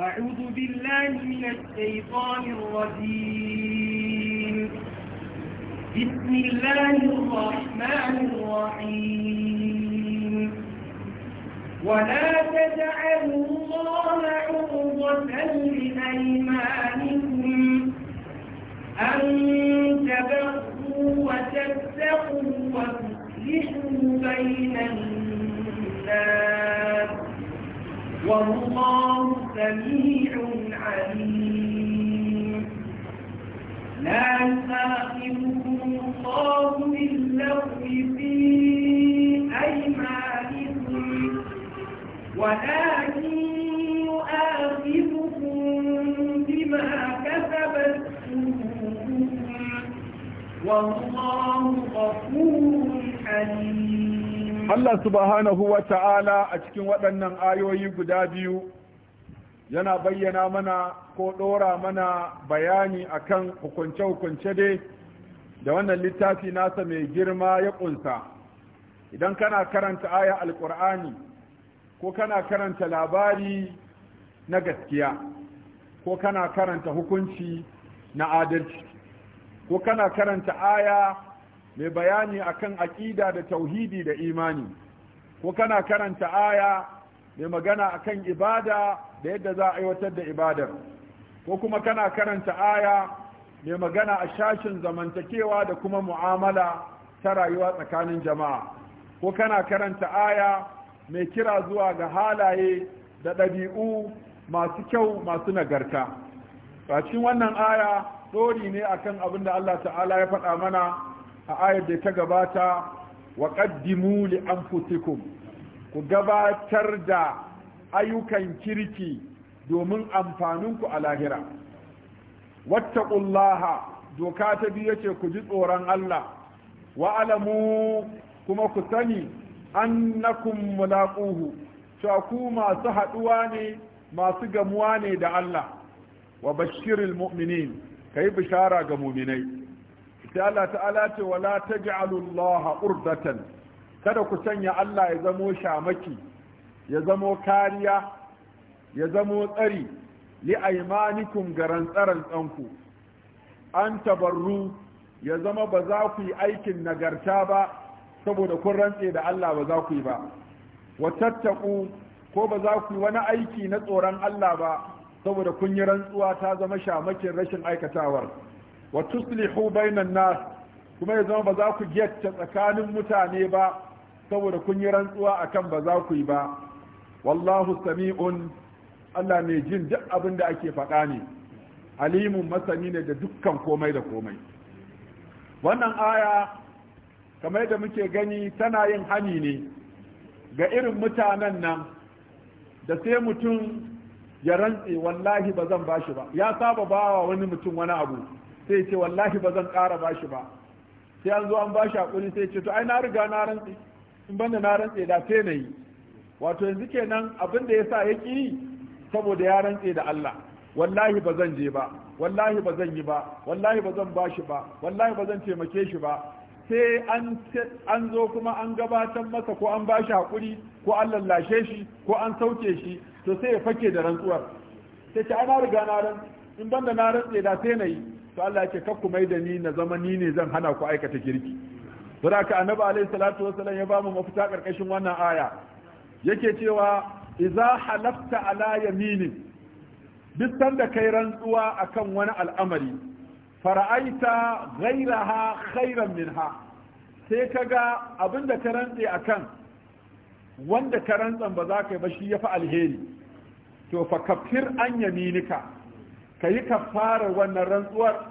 أعوذ بالله من الشيطان الرجيم بسم الله الرحمن الرحيم ولا تجعلوا الله عرضة لأيمانكم أن تبقوا وتتقوا وتصلحوا بين الناس والله سميع عليم لا يؤاخذكم الله باللغو في أيمانكم ولكن يؤاخذكم بما كسبت قلوبكم والله غفور حليم Allah subhanahu wa ta'ala a cikin waɗannan ayoyi guda biyu yana bayyana mana ko ɗora mana bayani akan hukunce-hukunce dai da wannan littafi nasa mai girma ya ƙunsa idan kana karanta aya alƙur'ani ko kana karanta labari na gaskiya ko kana karanta hukunci na adalci ko kana karanta aya mai bayani akan aƙida da tauhidi da imani ko kana karanta aya mai magana akan ibada da yadda za a aiwatar da ibadar ko kuma kana karanta aya mai magana a shashin zamantakewa da kuma mu'amala ta rayuwa tsakanin jama'a ko kana karanta aya mai kira zuwa ga halaye da ɗabi'u masu kyau masu nagarta cikin wannan aya ɗori ne akan abin da Allah ta'ala ya faɗa mana a ayar da ta gabata wa li anfusikum ku gabatar da ayyukan kirki domin amfaninku a lahira wattaqullaha doka ta biyu ce ku ji tsoron Allah wa'alamu kuma ku sani annakum mulaquhu cewa ku masu haɗuwa ne masu gamuwa ne da Allah wa bashiril mu'minin yi bishara ga mu'minai sai Allah ta'ala ce wala taj'alullaha urdatan kada ku sanya Allah ya zamo shamaki ya zamo kariya ya zamo tsari li aimanikum garan tsanku an tabarru ya zama ba za ku yi aikin nagarta ba saboda kun rantse da Allah ba za ku yi ba wa tattaku ko ba za ku yi wani aiki na tsoron Allah ba saboda kun yi rantsuwa ta zama shamakin rashin aikatawar wa tuslihu bainan nas kuma ya zama ba za ku gyatta tsakanin mutane ba saboda kun yi rantsuwa a kan ba za ku yi ba wallahu sami'un Allah mai jin duk abin da ake faɗa ne alimun masani ne da dukkan komai da komai wannan aya kamar da muke gani tana yin hani ne ga irin mutanen nan da sai mutum ya rantse wallahi ba zan bashi ba ya saba bawa wani mutum wani abu sai ce wallahi ba zan ƙara shi ba sai an zo an bashi hakuri sai ce to ai na riga na rantse in banda na rantse da sai na wato yanzu kenan abin da ya sa ya ƙi saboda ya rantse da Allah wallahi ba zan je ba wallahi ba zan yi ba wallahi ba zan bashi ba wallahi ba zan taimake shi ba sai an zo kuma an gabatar masa ko an bashi hakuri ko an lallashe shi ko an sauke shi to sai ya fake da rantsuwar sai ce ana riga na ran in banda na rantse da sai na to Allah ya ce kakku mai da ni na zama ni ne zan hana ku aikata kirki don haka annabi alaihi salatu wasallam ya bamu mafita karkashin wannan aya yake cewa iza halafta ala yaminin duk sanda kai rantsuwa akan wani al'amari fara'aita ghairaha khairan minha sai kaga abinda ka rantse akan wanda ka rantsan ba za ka yi ba shi yafi alheri to fa kafir an yaminika kayi kafarar wannan rantsuwar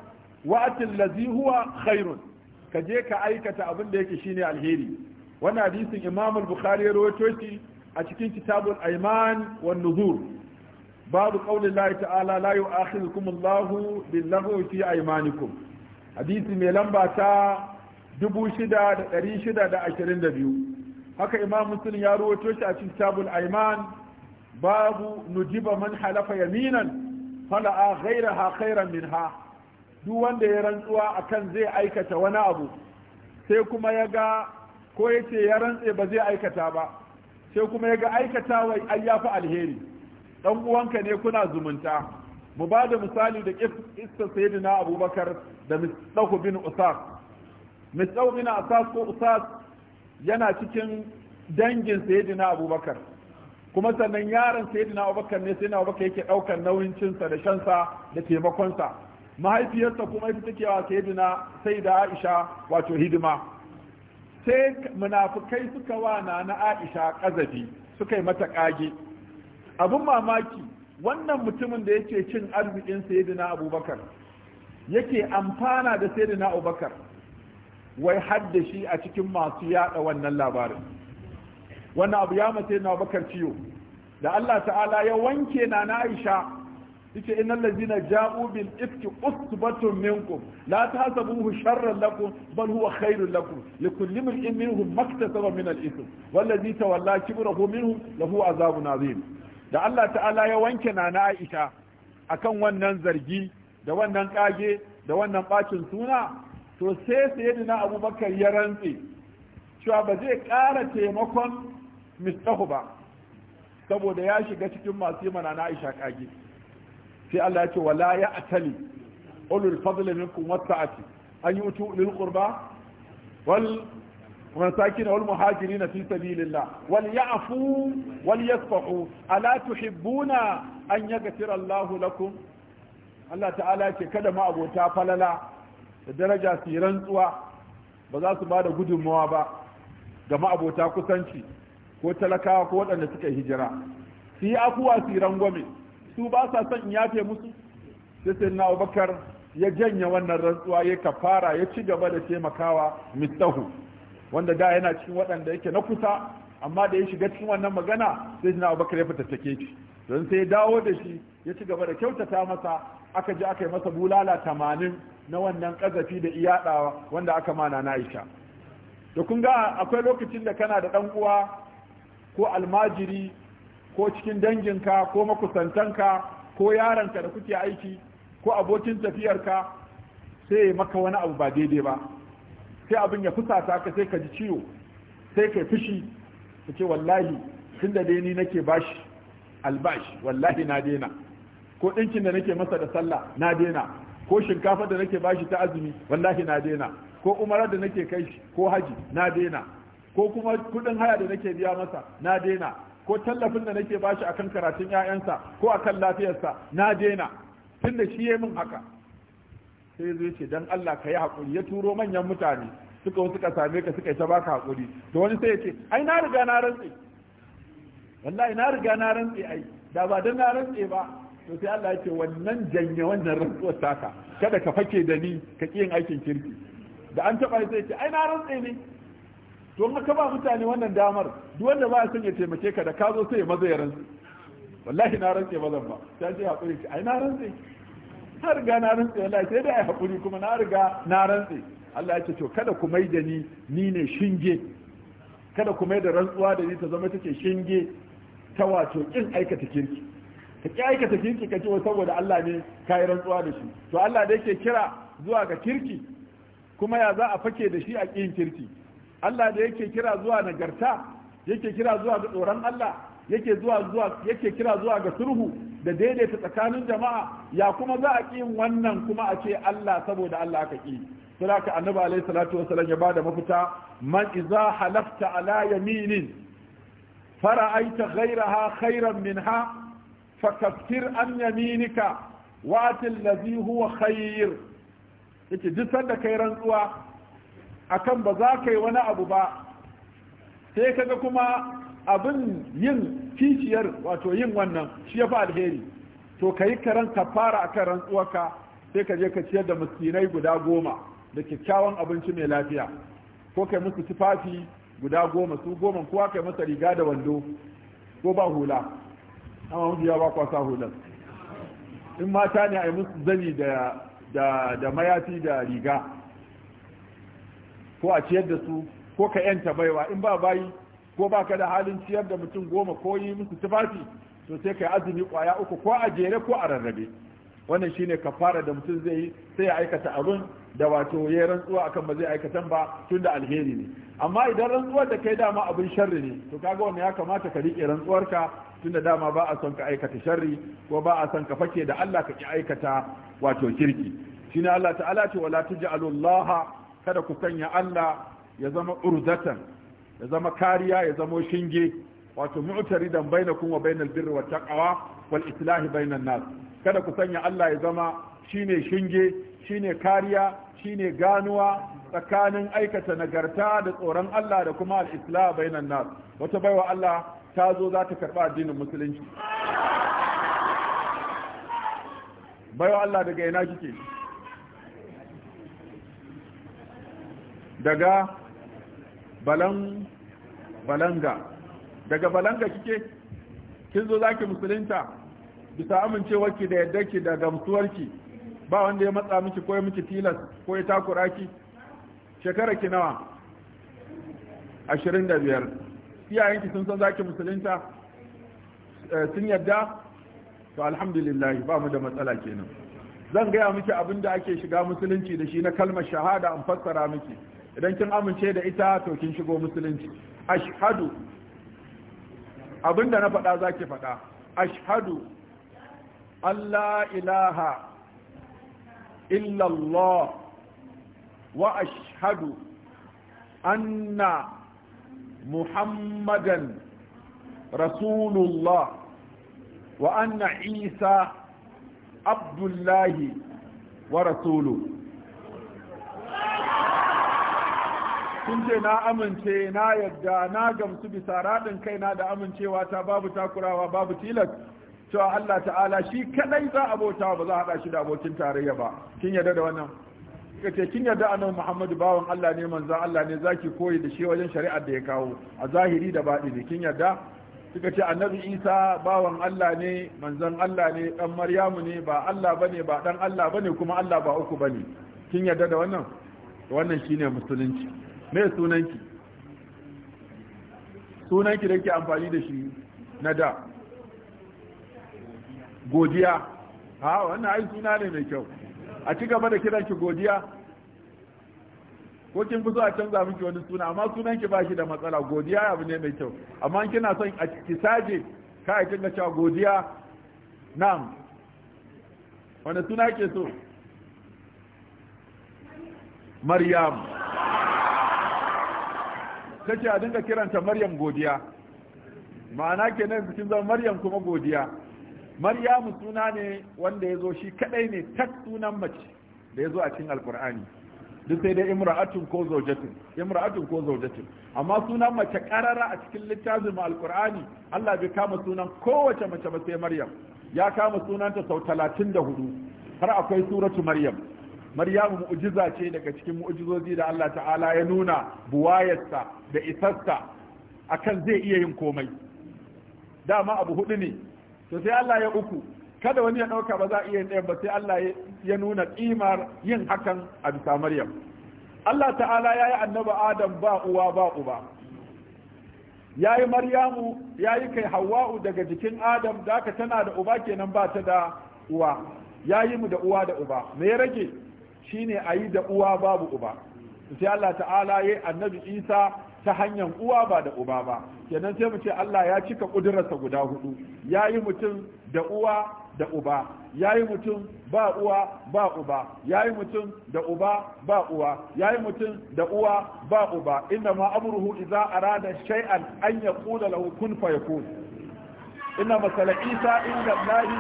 wa'atil ladhi huwa khairun ka je ka aikata abin da yake shine alheri wannan hadisin Imam al-Bukhari ya rawaito shi a cikin kitabul Ayman wan Nuzur babu qaulin Allah ta'ala la yu'akhidhukum Allahu bil laghwi fi aymanikum hadisi mai lamba ta 6622 haka Imam Muslim ya rawaito shi a cikin kitabul Ayman babu nujiba man halafa yaminan fala'a ghayraha khayran minha duk wanda ya rantsuwa akan zai aikata wani abu sai kuma ya ga ko ya ce ya rantse ba zai aikata ba sai kuma ya ga aikata wai ai ya fi alheri dan uwanka ne kuna zumunta mu ba da misali da kissa sayyidina abubakar da misdahu bin usas misdahu bin usas ko usas yana cikin dangin sayyidina abubakar kuma sannan yaron sayyidina abubakar ne sayyidina abubakar yake ɗaukar nauyin cinsa da shansa da taimakonsa mahaifiyarsa kuma ita take wa sayyidina sayyida Aisha wato hidima sai munafukai suka wa na Aisha kazafi suka yi mata kage abun mamaki wannan mutumin da yake cin arzikin sayyidina Abubakar yake amfana da sayyidina Abubakar wai hadda shi a cikin masu yada wannan labarin wannan abu ya mace na bakar ciwo da Allah ta'ala ya wanke na na Aisha yace innal ladina ja'u bil ifki usbatun minkum la tahsabuhu sharran lakum bal huwa khairun lakum likulli imrin minhum maktasaba min al ithm wal ladhi tawalla kibrahu minhum lahu azabun azim da Allah ta'ala ya wanke nana Aisha akan wannan zargi da wannan kage da wannan bacin suna to sai sayyidina Abubakar ya rantse cewa ba zai ƙara taimakon mistahu ba saboda ya shiga cikin masu yi mana na Aisha kage sai Allah ya ce wala ya atali ulul fadli minkum wasa'ati an yutu lil qurba wal والمساكين والمهاجرين في سبيل الله وليعفوا وليصفحوا ألا تحبون أن يغفر الله لكم Allah ta'ala ce kada ma abota falala da daraja su rantsuwa ba za su ba da gudummawa ba ga ma'abota kusanci ko talakawa ko waɗanda suka hijira su yi afuwa su rangwame su ba sa son in yafe musu sai sai na abubakar ya janye wannan rantsuwa ya kafara ya ci gaba da taimakawa mistahu wanda da yana cikin waɗanda yake na kusa amma da ya shiga cikin wannan magana sai na abubakar ya fitattake shi don sai ya dawo da shi ya ci gaba da kyautata masa aka ji aka yi masa bulala tamanin na wannan ƙazafi da iyadawa, wanda aka mana na aisha da kun ga akwai lokacin da kana da ɗan uwa ko almajiri ko cikin danginka ko makusantanka ko yaranka da kuke aiki ko abokin tafiyarka sai ya maka wani abu ba daidai ba sai abin ya fusata ka sai ka ji ciwo sai ka fushi ka ce wallahi tun da ni nake bashi albashi wallahi na daina ko ɗinkin da nake masa da sallah na daina ko shinkafa da nake bashi ta azumi wallahi na daina ko umarar da nake kai shi ko haji na daina ko kuma kudin haya da nake biya masa na daina ko tallafin da nake bashi akan karatun 'ya'yansa ko akan lafiyarsa na daina tunda shi ya min haka sai zai ce dan Allah ka yi hakuri ya turo manyan mutane suka suka same ka suka ta baka hakuri. da wani sai ya ce ai na riga na rantse wallahi na riga na rantse ai da ba dan na rantse ba to sai Allah ya ce wannan janye wannan rantsuwar taka kada ka fake da ni ka kiyin yin aikin kirki da an taba sai ya ce ai na rantse ne to in ka ba mutane wannan damar duk wanda ba son ya taimake ka da ka zo sai ya maza ya rantsi wallahi na rantse mazan ba ta ce hakuri ce ai na rantse na riga na rantse wallahi sai dai ai hakuri kuma na riga na rantse Allah ya ce to kada ku mai da ni ni ne shinge kada ku mai da rantsuwa da ni ta zama take shinge ta wato kin aikata kirki ka ki aikata kirki ka ce saboda Allah ne ka yi rantsuwa da shi to Allah da yake kira zuwa ga kirki kuma ya za a fake da shi a kin kirki Allah da yake kira zuwa nagarta yake kira zuwa ga tsoron Allah yake zuwa zuwa yake kira zuwa ga sulhu da daidaita tsakanin jama'a ya kuma za a ƙin wannan kuma a ce Allah saboda Allah aka ƙi ka annabi alaihi salatu wasallam ya bada mafita man iza halafta ala yaminin fara'aita ghayraha khayran minha fakaffir an yaminika wa atil ladhi huwa duk sanda kai rantsuwa akan ba za ka yi wani abu ba sai kaga kuma abin yin kiciyar wato yin wannan shi ya fi alheri to ka yi karen kafara akan rantsuwarka sai ka je ka ciyar da miskinai guda goma da kyakkyawan abinci mai lafiya ko kai musu tufafi guda goma su goma kowa kai masa riga da wando ko ba hula amma mafiya ba kwa sa hular in mata ne a yi musu zani da mayafi da riga ko a ciyar da su ko ka yanta baiwa in ba bayi ko ba ka da halin ciyar da mutum goma ko yi musu tufafi to sai yi azumi kwaya uku ko a jere ko a rarrabe wannan shine fara da mutum zai yi sai ya aikata abin da wato ya rantsuwa akan ba zai aikatan ba tun da alheri ne amma idan rantsuwar da kai dama abin sharri ne to kaga wannan ya kamata ka rike rantsuwarka tun da dama ba a son ka aikata sharri ko ba a son ka fake da Allah ka ki aikata wato kirki shine Allah ta'ala ce wala tuj'alullaha kada ku sanya Allah ya zama urzatan ya zama kariya ya zama shinge wato mu'taridan bainakum wa bainal birri wat taqwa wal islahi bainan nas kada ku sanya Allah ya zama shine shinge shine kariya shine ganuwa tsakanin aikata nagarta da tsoron Allah da kuma al-islah bainan nas wata baiwa Allah ta zo za ta karba addinin musulunci baiwa Allah daga ina kike daga balan balanga daga balanga kike kin zo zaki musulunta bisa amincewarki da ki da ki ba wanda ya matsa miki ko ya miki tilas ko ya takura ki shekara ki nawa 25 iyayenki sun san zaki musulunta eh, sun yadda to alhamdulillah ba mu da matsala kenan zan gaya miki abin da ake shiga musulunci da shi na kalmar shahada an fassara miki idan kin amince da ita to kin shigo musulunci ashhadu abinda na faɗa zaki faɗa ashhadu Allah ilaha illallah wa ashhadu anna muhammadan rasulullah wa anna isa abdullahi wa rasuluhu kun ce na amince na yadda na gamsu bisa raɗin kaina da amincewa ta babu takurawa babu tilas cewa Allah ta'ala shi kadai za a bauta ba za a haɗa shi da abokin tarayya ba kin yarda da wannan kika ce kin yarda annabi Muhammadu bawan Allah ne manzo Allah ne zaki koyi da shi wajen shari'ar da ya kawo a zahiri da baɗini kin yarda kika ce annabi Isa bawan Allah ne manzon Allah ne dan Maryamu ne ba Allah bane ba dan Allah bane kuma Allah ba uku bane kin yarda da wannan wannan shine musulunci me sunanki sunanki da yake amfani da shi na da godiya ha wannan ai suna ne mai kyau a ci gaba da kiranki godiya ko kin fi so a canza miki wani suna amma sunanki ba shi da matsala godiya abu ne mai kyau amma kina son a ki saje ka a kinga cewa godiya nan wani suna ke so maryam ta ce a dinga kiranta maryam godiya ma'ana kenan cikin zama maryam kuma godiya maryamu suna ne wanda ya zo shi kadai ne tak sunan mace da ya zo a cikin alkur'ani duk sai dai imra'atun ko zaujatin imra'atun ko zaujatin amma sunan mace karara a cikin littafin alkur'ani Allah bai kama sunan kowace mace ba sai maryam ya kama sunanta sau 34 har akwai suratu maryam maryamu mu'jiza ce daga cikin mu'jizozi da Allah ta'ala ya nuna buwayarsa da isarsa akan zai iya yin komai dama abu hudu ne to sai Allah ya uku kada wani ya dauka ba za a iya yin ba sai Allah ya nuna kimar yin hakan a bisa maryam Allah ta'ala yayi annabi adam ba uwa ba uba ya maryamu yayi kai hawa'u daga jikin adam da tana da uba kenan ba ta da uwa yayi mu da uwa da uba me ya rage shine a yi da uwa babu uba sai Allah ta'ala ya annabi Isa ta hanyar uwa ba da uba ba kenan sai mu ce Allah ya cika kudurarsa guda hudu ya yi mutum da uwa da uba ya yi mutum ba uwa ba uba ya yi mutum da uba ba uwa ya yi mutum da uwa ba uba inda ma amurhu idza arada shay'an an yaqula lahu kun fayakun inna masala isa inda allahi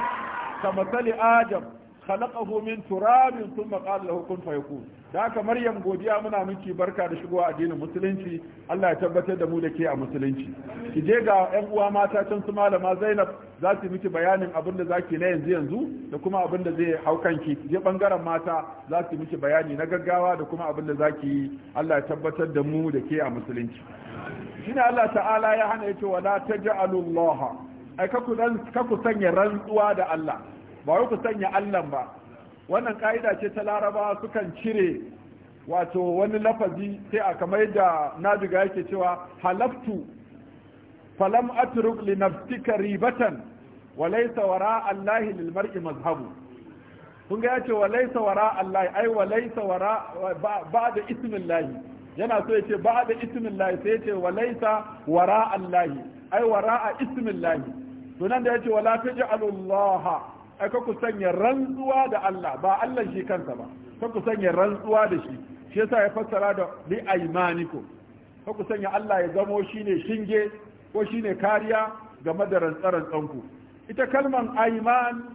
ka masali adam khalaqahu min turabin thumma qala lahu faiku. da haka maryam godiya muna miki barka da shigowa addinin musulunci Allah ya tabbatar da mu da ke a musulunci ki je ga ƴan uwa mata can su malama Zainab za su miki bayanin abin da zaki na yanzu yanzu da kuma abin da zai hau ki je bangaren mata za su miki bayani na gaggawa da kuma abin da zaki yi Allah ya tabbatar da mu da ke a musulunci shine Allah ta'ala ya hana yace wala taj'alullaha ai ka ku sanya rantsuwa da Allah ba wai ku sanya Allah ba wannan ka'ida ce ta laraba sukan cire wato wani lafazi sai a kamar da najiga yake cewa halaftu falam atruk li nafsika ribatan wa laysa wara allahi lil mar'i mazhabu kun ga yace wa laysa wara allahi ai wa laysa wara ismin ismillahi yana so yace ismin ismillahi sai yace wa laysa wara allahi ai wara ismillahi to nan da yace wala taj'alullaha aka ku sanya rantsuwa da Allah ba Allah shi kansa ba ka ku sanya rantsuwa da shi shi yasa ya fassara da bi aymanikum ka ku sanya Allah ya zamo shine shinge ko shine kariya game da rantsarantsan ita kalman ayman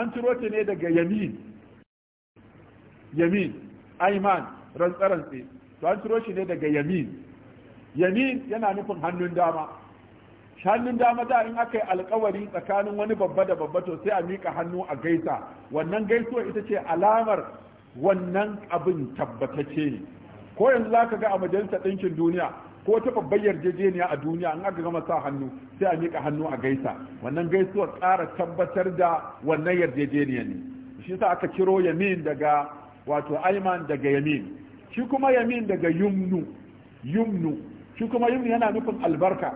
an ciro ta ne daga yamin yamin ayman rantsarantsi to an ciro shi ne daga yamin yamin yana nufin hannun dama hannun dama da in aka yi alkawari tsakanin wani babba da babba to sai a mika hannu a gaisa wannan gaisuwa ita ce alamar wannan abin tabbatacce ne ko yanzu za ka ga a majalisar ɗinkin duniya ko ta babbar yarjejeniya a duniya in aka gama sa hannu sai a mika hannu a gaisa wannan gaisuwar ƙara tabbatar da wannan yarjejeniya ne shi sa aka ciro yamin daga wato aiman daga yamin shi kuma yamin daga yumnu yumnu shi kuma yumnu yana nufin albarka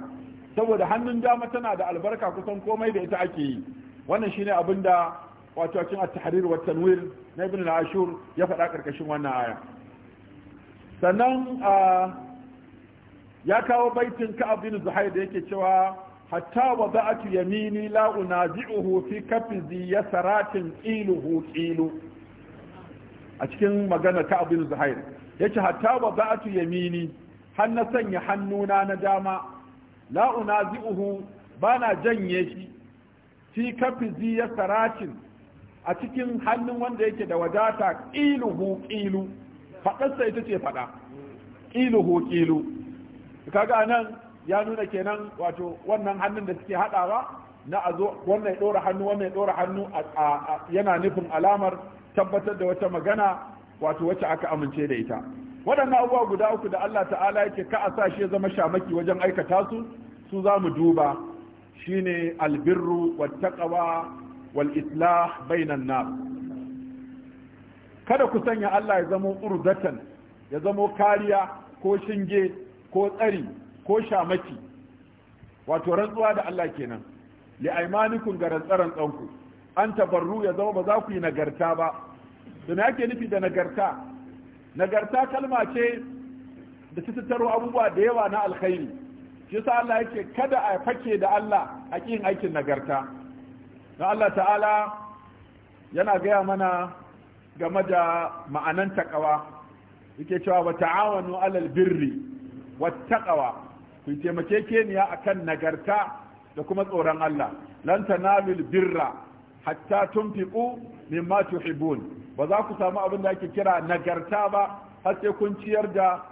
saboda hannun dama tana da albarka kusan komai da ita ake yi wannan shine abin da wato cikin at-tahrir wa tanwir na ibn al-ashur ya faɗa karkashin wannan aya sannan ya kawo baitin ka'ab bin zuhair da yake cewa hatta za'atu yamini la unazi'uhu fi kafzi yasaratin iluhu ilu a cikin magana ka'ab bin zuhair yace hatta za'atu yamini har na sanya hannuna na dama la ba bana janye shi fi kafizi ya saratin a cikin hannun wanda yake da wadata qiluhu qilu fadarsa ita ce fada qiluhu qilu kaga nan ya nuna kenan wato wannan hannun da suke hadawa na a zo wannan hannu wannan dora hannu yana nufin alamar tabbatar da wata magana wato wacce aka amince da ita waɗannan abubuwa guda uku da Allah ta'ala yake ka a sa shi zama shamaki wajen aikata su su za mu duba shine albirru wattaqwa wal bainan na kada ku sanya Allah ya zamo urdatan ya zamo kariya ko shinge ko tsari ko shamaki wato rantsuwa da Allah kenan li aymanikum ga rantsaran tsanku an tabarru ya zama ba za ku yi nagarta ba da me nufi da nagarta nagarta kalma ce da ta abubuwa da yawa na alkhairi yasa Allah yake kada a fake da Allah a kin aikin nagarta don Allah ta'ala yana gaya mana game da ma'anan takawa yake cewa wa ta'awanu alal birri wattaqawa ku taimake keniya akan nagarta da kuma tsoron Allah lan tanalul birra hatta tunfiqu mimma tuhibbun ba za ku samu abin da ake kira nagarta ba har sai kun ciyar da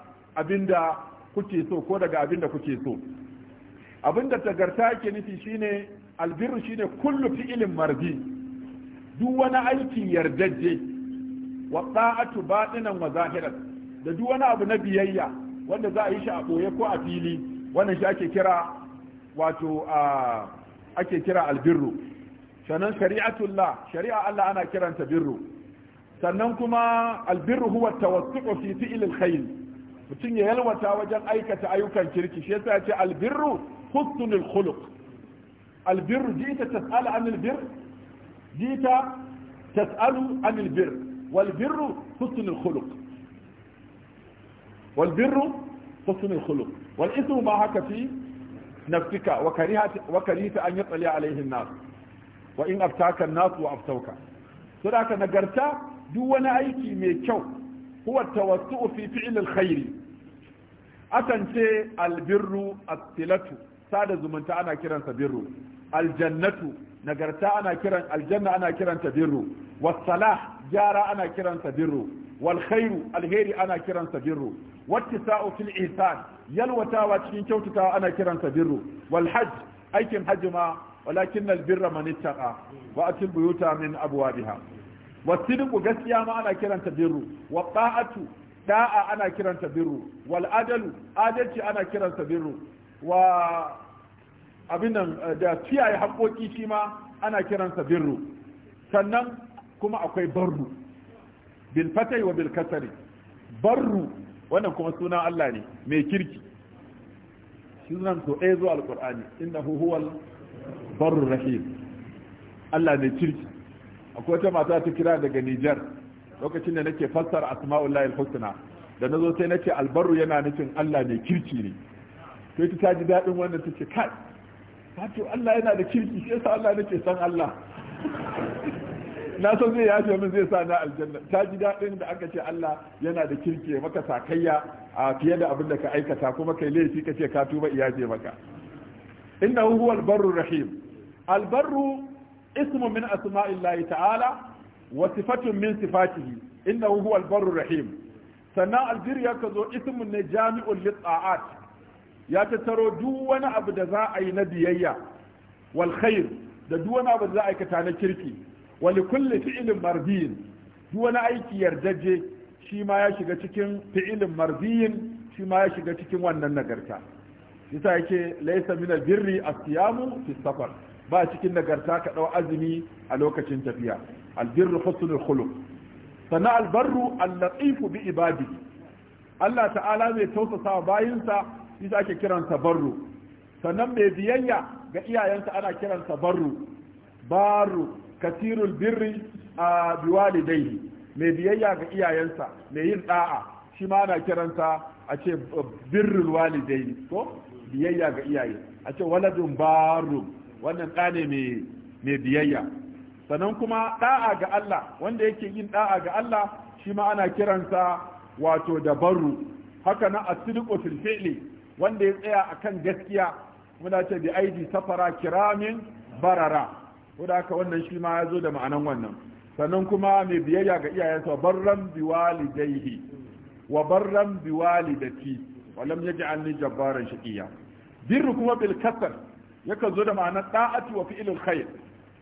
abin da kuke so ko daga abin da kuke so abin da tagarta yake nufi shine albirru shine kullu fi'ilin marzi duk wani aiki yardajje wa ta'atu batinan wa zahiran da duk wani abu na biyayya wanda za a yi shi a boye ko a fili wannan shi ake kira wato a ake kira albirru sannan shari'atullah shari'a Allah ana kiranta birru sannan kuma albirru huwa tawassu'u fi fi'il alkhair mutum ya yalwata wajen aikata ayyukan kirki shi yasa ce albirru husnul khuluq albirru jita tas'alu anil bir jita tas'alu anil bir wal birru husnul khuluq wal birru husnul khuluq wal ismu ma haka fi nafsika wa karihata wa karihata an yatsali alaihi an-nas wa in aftaka an-nas wa aftauka saboda nagarta duk wani aiki mai kyau huwa tawassu fi fi'l al-khairi akan ce albirru as sada zumunta ana kiransa birru aljannatu nagarta ana kiran aljanna ana kiranta birru was gyara ana kiransa birru walkhairu alheri ana kiransa birru wattisa'u fil ihsan yalwatawa cikin kyautatawa ana kiransa birru walhajj aikin hajji ma walakin albirra man ittaqa wa atil buyuta min abwabiha wasidqu gaskiya ma ana kiranta birru wa ta'atu da'a ana kiranta birru wal adalu adalci ana kiransa birru wa abin nan eh, da kiyaye haƙoƙi shi ma ana kiransa birru sannan kuma akwai barru bil fatai wa bil kasari barru wannan kuma suna Allah ne mai kirki sunan to ɗaya zuwa alƙur'ani innahu huwal barru rahim Allah mai kirki akwai wata mata ta kira daga Nijar lokacin da nake fassara asma'ullahi al-husna da nazo sai nace albarru yana nufin Allah mai kirki ne to ita ta ji dadin wannan tace kai wato Allah yana da kirki sai sa Allah nake san Allah na san zai yafe min zai sa na aljanna ta ji dadin da aka ce Allah yana da kirki maka sakayya a fiye da abin da ka aikata kuma kai laifi ka ce ka tuba iyaje maka innahu huwal barru rahim albarru ismu min asma'illahi ta'ala wa sifatun min sifatihi innahu huwal barur rahim sannan algeria ka zo ismun ne jami'un litsa'at ya tattaro duk wani abu da za a yi na biyayya wal khair da duwani wani abu da za a aikata na kirki wani kulle kulli fi'lin mardiyin duk wani aiki yardaje shi ma ya shiga cikin fi'ilin mardiyin shi ma ya shiga cikin wannan nagarta yasa yake laysa min albirri as-siyamu fi ba cikin nagarta ka dau azumi a lokacin tafiya albirru husnul khuluq sana albarru allatifu bi ibadi Allah ta'ala mai tausasa bayinsa isa ake kiransa barru sannan mai biyayya ga iyayensa ana kiransa barru barru kasirul birri a biwalidaihi mai biyayya ga iyayensa mai yin da'a shi ma ana kiransa a ce birrul walidaihi ko biyayya ga iyaye a ce waladun barru wannan ɗa ne mai biyayya sannan kuma da'a ga Allah wanda yake yin da'a ga Allah shi ma ana kiransa wato da barru haka na asdiqu fil fi'li wanda ya tsaya akan gaskiya muna ce bi aidi safara kiramin barara wanda haka wannan shi ma ya zo da ma'anan wannan sannan kuma mai biyayya ga iyayensa barran walidaihi wa barran walidati wa lam yaj'alni jabbaran shaqiya birru kuma bil kasr yakan zo da ma'anar da'ati wa fi'lil khair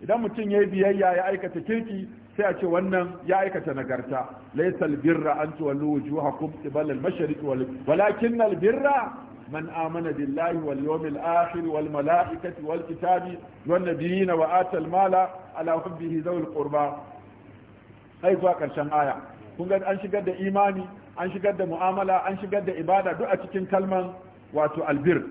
idan mutum ya yi biyayya ya aikata kirki sai a ce wannan ya aikata nagarta laysal birra an tuwallu wujuhakum qibala al-mashriq wal walakin al-birra man amana billahi wal yawmil akhir wal malaikati wal kitabi wan nabiyina wa atal mala ala hubbihi zawil qurba ai zuwa karshen aya kun ga an shigar da imani an shigar da mu'amala an shigar da ibada duk a cikin kalman wato albir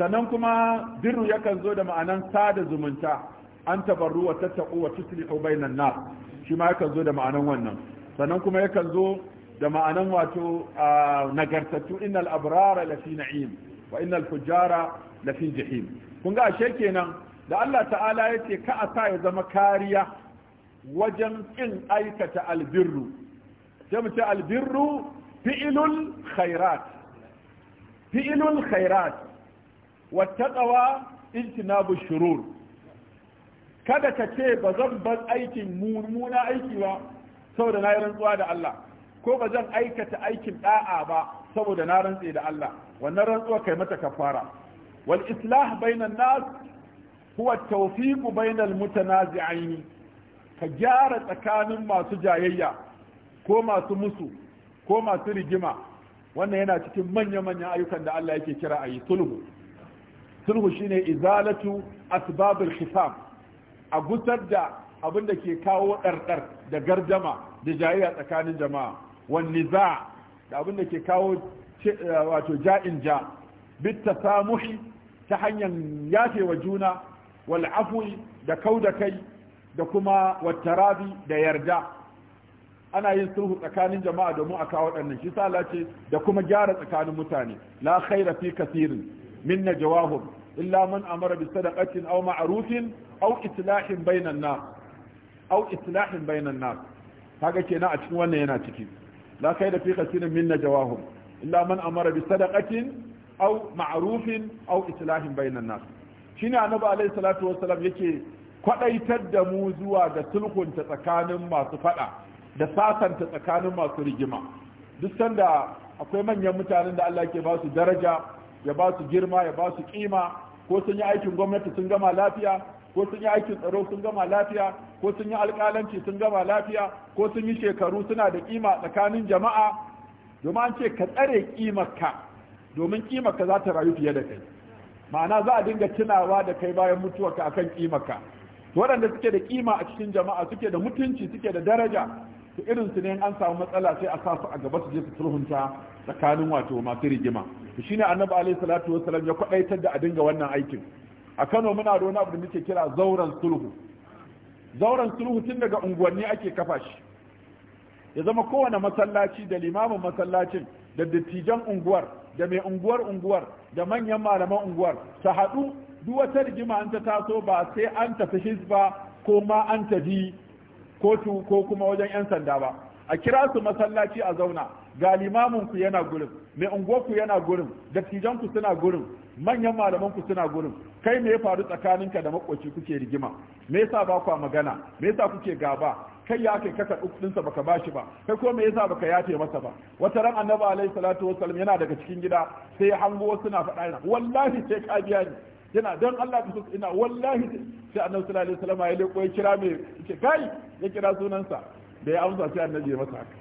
sannan kuma birru yakan zo da ma'anan sada zumunta an tabarru wa tattaqu wa tuslihu bainan na. shi ma yakan zo da ma'anan wannan sannan kuma yakan zo da ma'anan wato nagartattu innal abrara lafi na'im wa innal fujara lafi jahim kun ga ashe kenan da Allah ta'ala yace ka sa ya zama kariya wajen kin aikata albirru sai mu ce albirru fi'ilul khairat fi'ilul khairat wattaqwa ijtinabu shurur kada ka ce ba zan bar aikin mummuna aiki ba saboda na yi rantsuwa da Allah ko ba zan aikata aikin da'a ba saboda na rantse da Allah wannan rantsuwa kai mata kafara wal islah bainan nas huwa tawfiqu bainal mutanazi'ain ka gyara tsakanin masu jayayya ko masu musu ko masu rigima wannan yana cikin manya-manyan ayyukan da Allah yake kira a yi sulhu sulhu shine izalatu asbabul khisam a gusar da abin da ke kawo ɗarɗar da gardama da jayayya tsakanin jama'a wani za da abin da ke kawo eh, wato ja'in ja bitta samuhi ta hanyar yafewa juna wal afwi da kau da kai da kuma wattarabi da yarda ana yin sulhu tsakanin jama'a domin a kawo waɗannan shi sa ce da kuma gyara tsakanin mutane la khaira fi kasirin min najawahum illa man amara bi sadaqatin aw ma'rufin aw islahin bainan nas islahin bainan nas kaga kenan a cikin wannan yana ciki la kai da fi kasirin min najawahum illa man amara bi sadaqatin aw ma'rufin aw islahin bainan nas shine annabi alaihi salatu wassalam yake kwadaitar da mu zuwa ga sulhunta tsakanin masu fada da sasanta tsakanin masu rigima duk sanda akwai manyan mutanen da Allah ke ba su daraja ya ba su girma ya ba su kima ko sun yi aikin gwamnati sun gama lafiya ko sun yi aikin tsaro sun gama lafiya ko sun yi alƙalanci sun gama lafiya ko sun yi shekaru suna da kima tsakanin jama'a domin an ce ka tsare kimarka domin kimarka za ta rayu fiye da kai ma'ana za a dinga tunawa da kai bayan mutuwarka akan kimarka waɗanda suke da kima a cikin jama'a suke da mutunci suke da daraja Su irin su ne an samu matsala sai a sasu a gaba su je su sulhunta tsakanin wato masu rigima to shine annabi alaihi salatu salam ya kwadaitar da a dinga wannan aikin a Kano muna da wani abu da muke kira zauren sulhu zauren sulhu tun daga unguwanni ake kafa shi ya zama kowane masallaci da limamin masallacin da dattijan unguwar da mai unguwar unguwar da manyan malaman unguwar ta haɗu duk wata rigima an ta taso ba sai an tafi hizba ko ma an tafi kotu ko kuma wajen 'yan sanda ba a kira su masallaci a zauna ga limaminku yana gurin mai unguwarku yana gurin dattijan ku suna gurin manyan malamanku suna gurin kai me ya faru tsakaninka da makoci kuke rigima me yasa ba ku magana me yasa kuke gaba kai ya kai kaka ɗinsa baka bashi ba kai ko me yasa baka yafe masa ba wata ran annabi alaihi salatu wasallam yana daga cikin gida sai ya hango suna faɗa wallahi sai ka biya ni yana don Allah ka suka ina wallahi sai annabi sallallahu alaihi wasallam ya leko ya kira mai yace kai ya kira sunansa da ya amsa sai annabi ya masa haka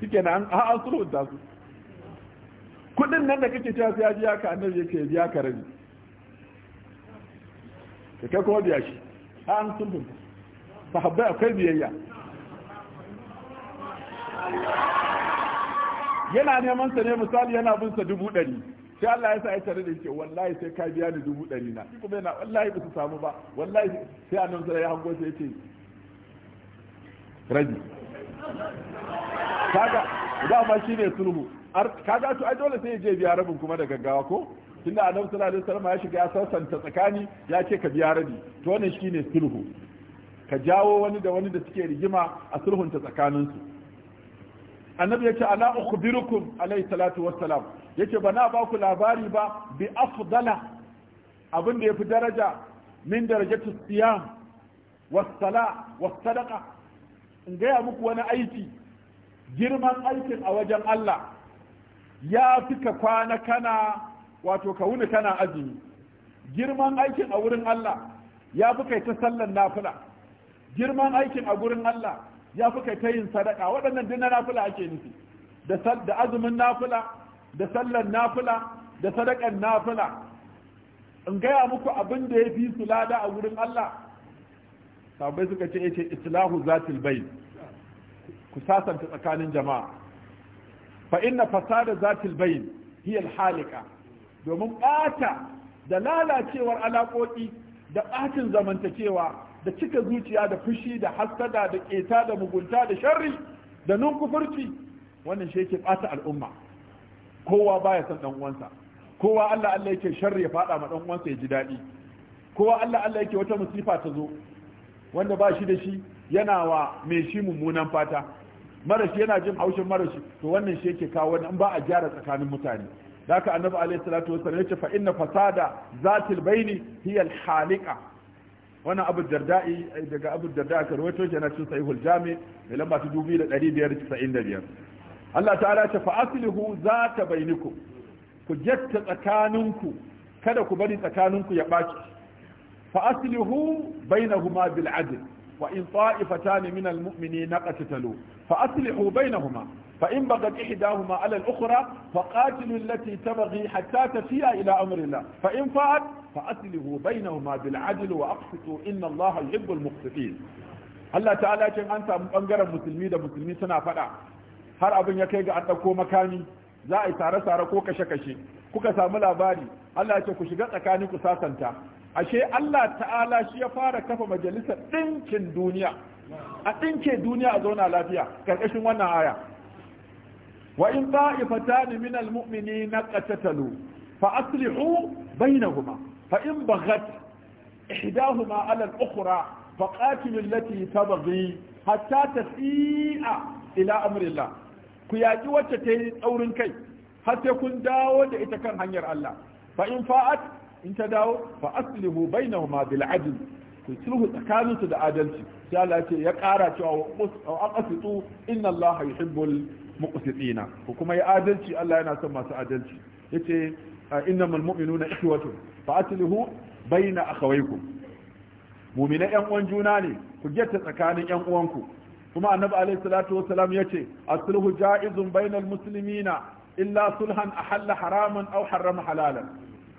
shike na an an da su kudin nan da kake cewa sai ya biya ka annabi yake ya biya ka rabi ka kai ko biya shi an fa sahabbai akwai biyayya yana neman sa ne misali yana bin sa dubu ɗari sai Allah ya sa ya tare da yake wallahi sai ka biya ni dubu ɗari na shi kuma yana wallahi ba su samu ba wallahi sai annabi sai ya hango sai ce rabi kaga shi shine sulhu kaga to ai dole sai ya je biya rabin kuma da gaggawa ko tunda annabi sallallahu alaihi wasallam ya shiga ya sassanta tsakani ya ce ka biya rabi to wannan shine sulhu ka jawo wani da wani da suke rigima a sulhunta tsakaninsu annabi yace ala ukhbirukum alayhi salatu wassalam yace bana ba ku labari ba bi afdala abin da yafi daraja min darajatu siyam was-sala in gaya muku wani aiki girman aikin a wajen Allah ya fi ka kwana kana wato ka wuni kana azumi girman aikin a wurin Allah ya fi kai ta sallan nafila girman aikin a gurin Allah ya fi kai ta yin sadaka waɗannan duk na nafila ake nufi da azumin nafila da sallar nafila da sadakan nafila in gaya muku abin da ya fi su lada a wurin Allah sabai suka ce ce, islahu zatil bai ku sasanta tsakanin jama'a fa inna fasada zatil bai hiya alhalika domin bata da lalacewar alaƙoƙi da ɓacin zamantakewa da cika zuciya da fushi da hasada da keta da mugunta da sharri da kufurci wannan shi yake bata al'umma kowa baya son dan uwansa kowa Allah Allah yake sharri ya fada ma dan uwansa ya ji dadi kowa Allah Allah yake wata musifa ta zo wanda ba shi da shi yana wa mai shi mummunan fata marashi yana jin haushin marashi to wannan shi yake kawo wannan ba a gyara tsakanin mutane da haka annabi alaihi salatu wasallam yace fa inna fasada zatil baini hiya al-haliqa wannan abu darda'i eh, daga abu darda'i ka rawaito shi cikin sahihul jami mai lamba ta 2595 Allah ta'ala ta fa'aslihu zata bainakum ku jatta tsakaninku kada ku bari tsakaninku ya baci fa'aslihu bainahuma bil adl wa in ta'ifatan min al mu'minina qatatalu fa'aslihu bainahuma فإن بغت إحداهما على الأخرى فقاتلوا التي تبغي حتى تفيء إلى أمر الله فإن فعت فأسله بينهما بالعدل وأقسطوا إن الله يحب المقسطين Allah ta'ala ce an samu bangaren musulmi da musulmi suna faɗa har abin ya kai ga an ɗauko makami za a yi sare tare ko kashe-kashe kuka samu labari Allah ce ku shiga tsakanin ku sasanta ashe Allah ta'ala shi ya fara kafa majalisar ɗinkin duniya a ɗinke duniya a zauna lafiya ƙarƙashin wannan aya wa in ta'ifatan min almu'minina qatatalu fa aslihu bainahuma fa in baghat ihdahuma ala al-ukhra fa qatilu allati tabghi hatta tasi'a ila amri ku yaki wacce ta yi tsaurin kai har sai kun dawo da ita kan hanyar Allah fa in fa'at in ta dawo fa aslihu bainahuma bil adl ku sulhu tsakaninsu da adalci sai ya ce ya ƙara cewa wa aqsitu inna Allah yuhibbul muqsitina ko kuma ya adalci Allah yana son masu adalci yace innamal mu'minuna ikhwatun fa atlihu baina akhawaykum mu'mina yan uwan juna ne ku getta tsakanin yan uwanku kuma annabi alaihi salatu wasalam yace asluhu ja'izun bainal muslimina illa sulhan ahalla haraman aw harrama halalan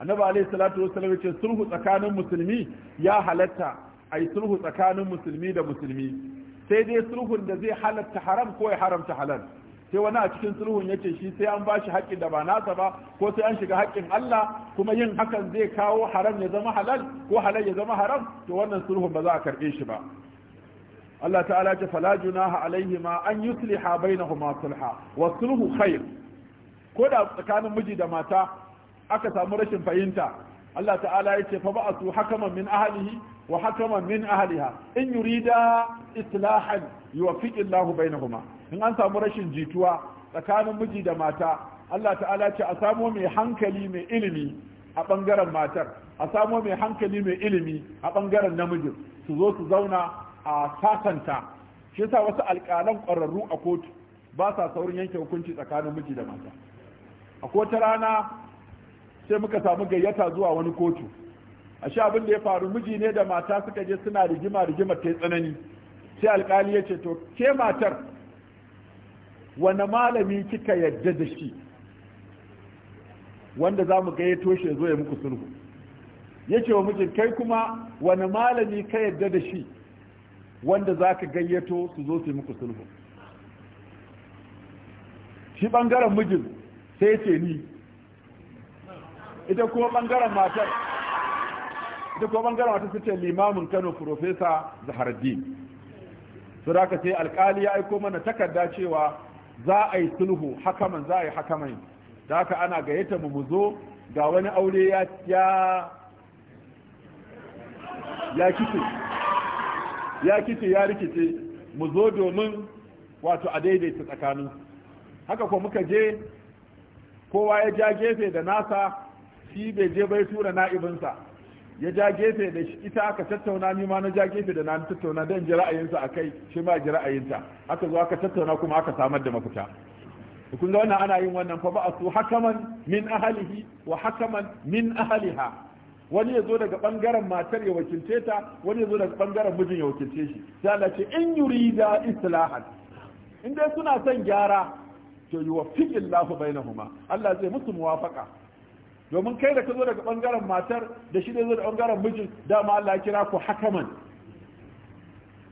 annabi alaihi salatu wasalam yace sulhu tsakanin musulmi ya halatta ai sulhu tsakanin musulmi da musulmi sai dai sulhun da zai halatta haram ko ya haramta halal sai wani a cikin sulhun yace shi sai an bashi haƙƙin da ba nasa ba ko sai an shiga haƙƙin Allah kuma yin hakan zai kawo haram ya zama halal ko halal ya zama haram to wannan sulhun ba za a karɓe shi ba Allah ta'ala ce fala junaha ma, an yusliha bainahuma sulha wa sulhu khair ko da tsakanin miji da mata aka samu rashin fahimta Allah ta'ala ya ce fa ba'asu hakaman min ahlihi wa hakama min ahliha in yurida islahan yuwaffiq Allah bainahuma in an samu rashin jituwa tsakanin miji da mata Allah ta'ala ce a samo mai hankali mai ilimi a ɓangaren matar a samo mai hankali mai ilimi a ɓangaren namijin su zo su zauna a sasanta shi yasa wasu alƙalan ƙwararru a kotu ba sa saurin yanke hukunci tsakanin miji da mata a kotu rana sai muka samu gayyata zuwa wani kotu ashe abin da ya faru miji ne da mata suka je suna rigima rigima ta tsanani sai alkali ya ce to ke matar wani malami kika yadda da shi wanda za mu gayyato shi ya zo ya muku sulhu ya ce wa mijin kai kuma wani malami ka yadda da shi wanda za ka gayyato su zo su yi muku sulhu shi ɓangaren mijin sai ce ni ita kuma ɓangaren matar duk kuma bangaren wata suke limamin kano profesa zahardin su da ce alkali ya aiko mana takarda cewa za a yi sulhu hakaman za a yi hakaman da haka ana gayyata mu zo ga wani aure ya ya ya kice ya kice ya rikice mu zo domin wato a daidaita tsakanin haka ko muka je kowa ya ja gefe da nasa shi bai je bai tura na'ibinsa ya ja gefe da shi ita aka tattauna ni ma na ja gefe da na tattauna dan ji ra'ayinsa kai, shi ma ji ra'ayinta aka zo aka tattauna kuma aka samar da mafita kun ga wannan ana yin wannan fa ba'asu hakaman min ahlihi wa hakaman min ahliha wani ya zo daga bangaren matar ya wakilce ta wani ya zo daga bangaren mijin ya wakilce shi sai Allah ce in yurida islahan in dai suna son gyara to yuwaffiqillahu bainahuma Allah zai musu muwafaqa domin kai da ka zo daga bangaren matar da shi da zo da bangaren mijin dama Allah ya kira ku hakaman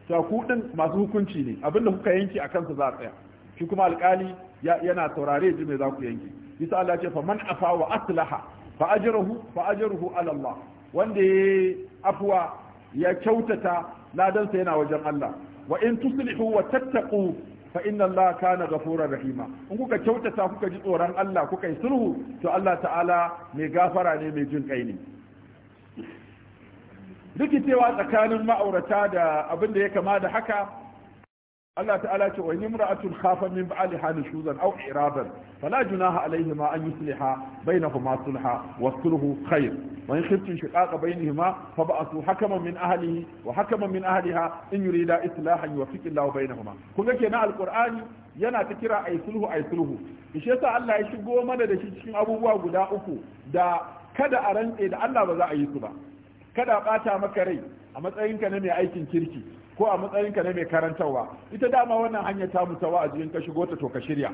ta ku masu hukunci ne abinda kuka yanki a kansa za a tsaya shi kuma alkali yana saurare ji me za ku yanki bisa Allah ce fa man afa wa aslaha fa ajruhu fa ajruhu ala Allah wanda ya afwa ya kyautata ladansa yana wajen Allah wa in tuslihu wa tattaqu fa inna Allah kana ghafurur rahima in kuka kyautata kuka ji tsoron Allah kuka yi sulhu to Allah ta'ala mai gafara ne mai jin kai ne rikicewa tsakanin ma'aurata da abin da ya kama da haka Allah ta'ala ce wa imra'atun khafa min ba'liha nushuzan aw iradan fala junaha alayhima an yusliha bainahuma sulha wa sulhu khair wa in khiftum shiqaqa bainahuma fab'athu hakaman min ahlihi wa hakaman min ahliha in yurida islahan yuwaffiq Allahu bainahuma kun kenan alqur'ani yana ta kira ay sulhu ay sulhu shi sa Allah ya shigo mana da shi cikin abubuwa guda uku da kada a rantse da Allah ba za a yi su ba kada a bata maka rai a matsayinka na mai aikin kirki ko a matsayinka na mai karantarwa ita dama wannan hanyar ta mutu a in ka shigo ta to ka shirya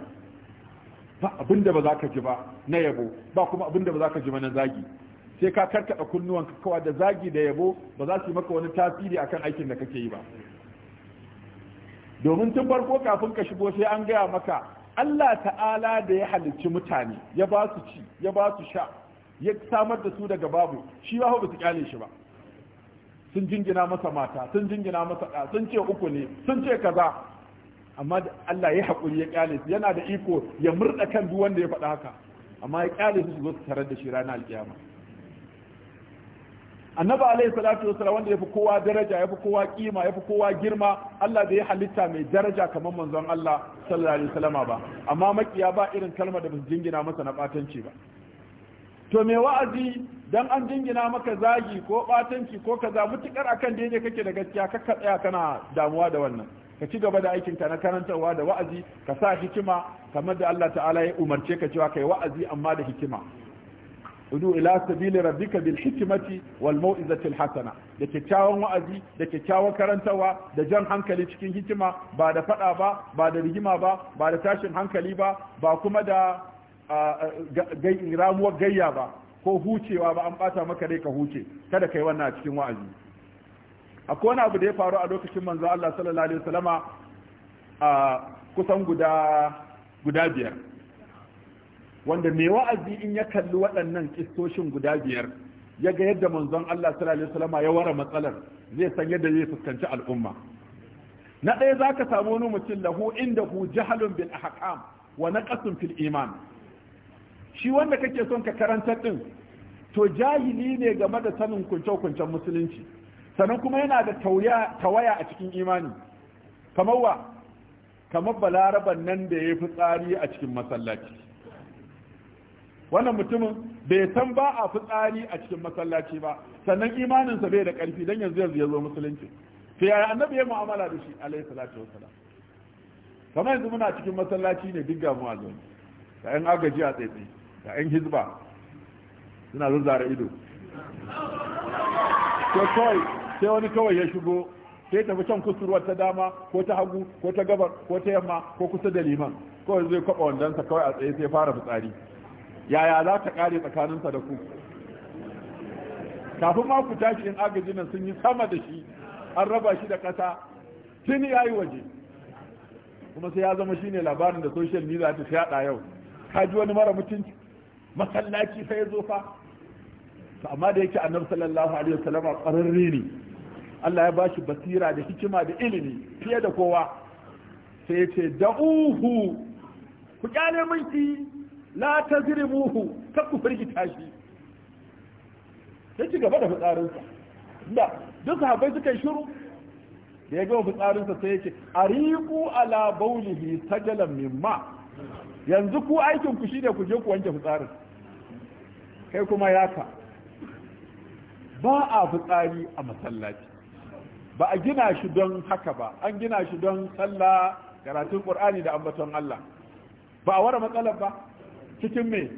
ba abin da ba za ka ji ba na yabo ba kuma abinda da ba za ka ji ba na zagi sai ka karkada kunnuwan kawai, da zagi da yabo ba za su yi maka wani tasiri akan aikin da kake yi ba domin tun farko kafin ka shigo sai an gaya maka Allah ta'ala da ya halicci mutane ya ba su ci ya ba su sha ya samar da su daga babu shi ba ba su kyale shi ba sun jingina masa mata sun jingina masa ɗa sun ce uku ne sun ce kaza amma Allah ya haƙuri ya ƙyale su yana da iko ya murɗa kan duk wanda ya faɗa haka amma ya ƙyale su su zo su tarar da shi ranar alƙiyama annabi alaihi salatu wasallam wanda yafi kowa daraja yafi kowa kima yafi kowa girma Allah da ya halitta mai daraja kamar manzon Allah sallallahu alaihi wasallama ba amma makiya ba irin kalmar da basu jingina masa na batanci ba to me wa'azi dan an jingina maka zagi ko batanci ko kaza mutukar akan daidai kake da gaskiya ka ka tsaya kana damuwa da wannan ka ci gaba da aikin ka na karantarwa da wa'azi ka sa hikima kamar da Allah ta'ala ya umarce ka cewa kai wa'azi amma da hikima udu ila sabili rabbika bil hikmati wal mau'izati al hasana da kyakkyawan wa'azi da kyakkyawan karantarwa da jan hankali cikin hikima ba da fada ba ba da rigima ba ba da tashin hankali ba ba kuma da ramuwar gayya ba ko hucewa ba an bata maka dai ka huce kada kai wannan a cikin wa'azi akwai wani abu da ya faru a lokacin manzo Allah sallallahu alaihi wasallama a kusan guda guda biyar wanda mai wa'azi in ya kalli waɗannan kistoshin guda biyar ya ga yadda manzon Allah sallallahu alaihi wasallama ya wara matsalar zai san yadda zai fuskanci al'umma na ɗaya zaka samu wani mutum lahu inda hu jahalun bil ahkam wa naqasun fil iman shi wanda kake son ka karantar din to jahili ne game da sanin kunce-kuncen musulunci sannan kuma yana da tawaya a cikin imani kamar wa kamar balaraban nan da ya fi tsari a cikin masallaci wannan mutumin bai san ba a fi tsari a cikin masallaci ba sannan imaninsa bai da ƙarfi don yanzu yanzu ya zo musulunci sai yaya annabi ya mu'amala da shi alaihi salatu wassalam kamar yanzu muna cikin masallaci ne duk a zo ta yan agaji a tsaitsaye da 'yan hizba suna zazzara ido to kawai sai wani kawai ya shigo sai tafi can kusurwar ta dama ko ta hagu ko ta gabar ko ta yamma ko kusa da liman kawai zai kwaba wandonsa kawai a tsaye sai fara fitsari yaya za ta kare tsakaninsa da ku kafin ma ku tashi in agaji nan sun yi sama da shi an raba shi da kasa tun ya yi waje kuma sai ya zama shine labarin da social media ta shaɗa yau ka ji wani mara mutunci masallaci sai ya zo fa to amma da yake annabi sallallahu alaihi wasallam qararri ne Allah ya bashi basira da hikima da ilimi fiye da kowa sai ya ce da'uhu ku kyale minki la tazribuhu kar ku furki tashi. sai ci gaba da fitsarinsa da duk habai suka shiru da ya gama fitsarinsa sai yace ariqu ala baulihi sajalan mimma yanzu ku aikin ku shine ku je ku wanke fitsarin kai kuma yaka ba a fitsari a masallaci ba a gina shi don haka ba an gina shi don sallah karatun qur'ani da ambaton Allah ba a ware matsalar ba cikin me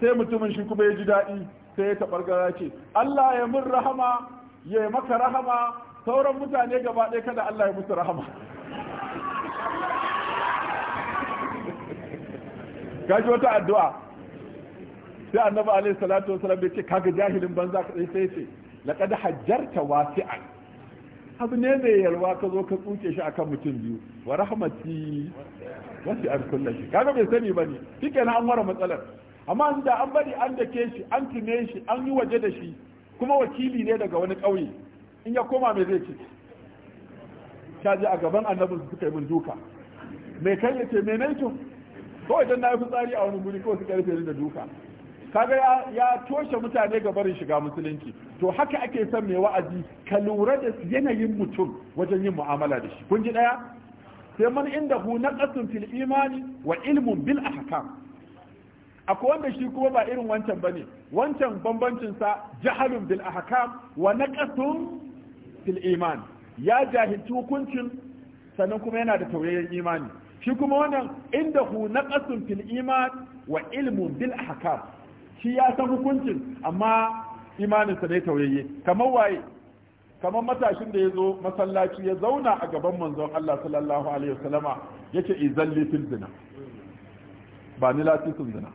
sai mutumin shi kuma ya ji daɗi sai ya tabargara ce Allah ya mun rahama ya maka rahama sauran mutane gaba ɗaya kada Allah ya musu rahama gaji wata addu'a sai annabi alaihi salatu wasallam ya ce kaga jahilin banza ka sai sai ce laqad hajjarta wasi'an abu ne mai yalwa ka zo ka tsuke shi akan mutum biyu wa rahmati ar kullashi kaga bai sani bane shikenan an ware matsalar amma da an bari an dake shi an tume shi an yi waje da shi kuma wakili ne daga wani ƙauye in ya koma mai zai ce ta ji a gaban annabin su suka yi min duka mai kai ya ce mai naito kawai don na yi fitsari a wani guri kawai su karfe da duka kaga ya toshe mutane ga barin shiga musulunci to haka ake son mai wa'azi ka lura da yanayin mutum wajen yin mu'amala da shi kun ji daya sai man inda hu naqasun fil imani wa ilmun bil ahkam akwai wanda shi kuma ba irin wancan bane wancan bambancin sa jahalun bil ahkam wa naqasun fil iman ya jahilci hukuncin sannan kuma yana da tauyayyen imani shi kuma wannan inda hu naqasun fil iman wa ilmun bil ahkam shi ya san hukuncin amma imaninsa dai tauyayye kamar waye kamar matashin da ya zo masallaci ya zauna a gaban manzon Allah sallallahu alaihi wasallama yake izalli fil zina ba ni lati zina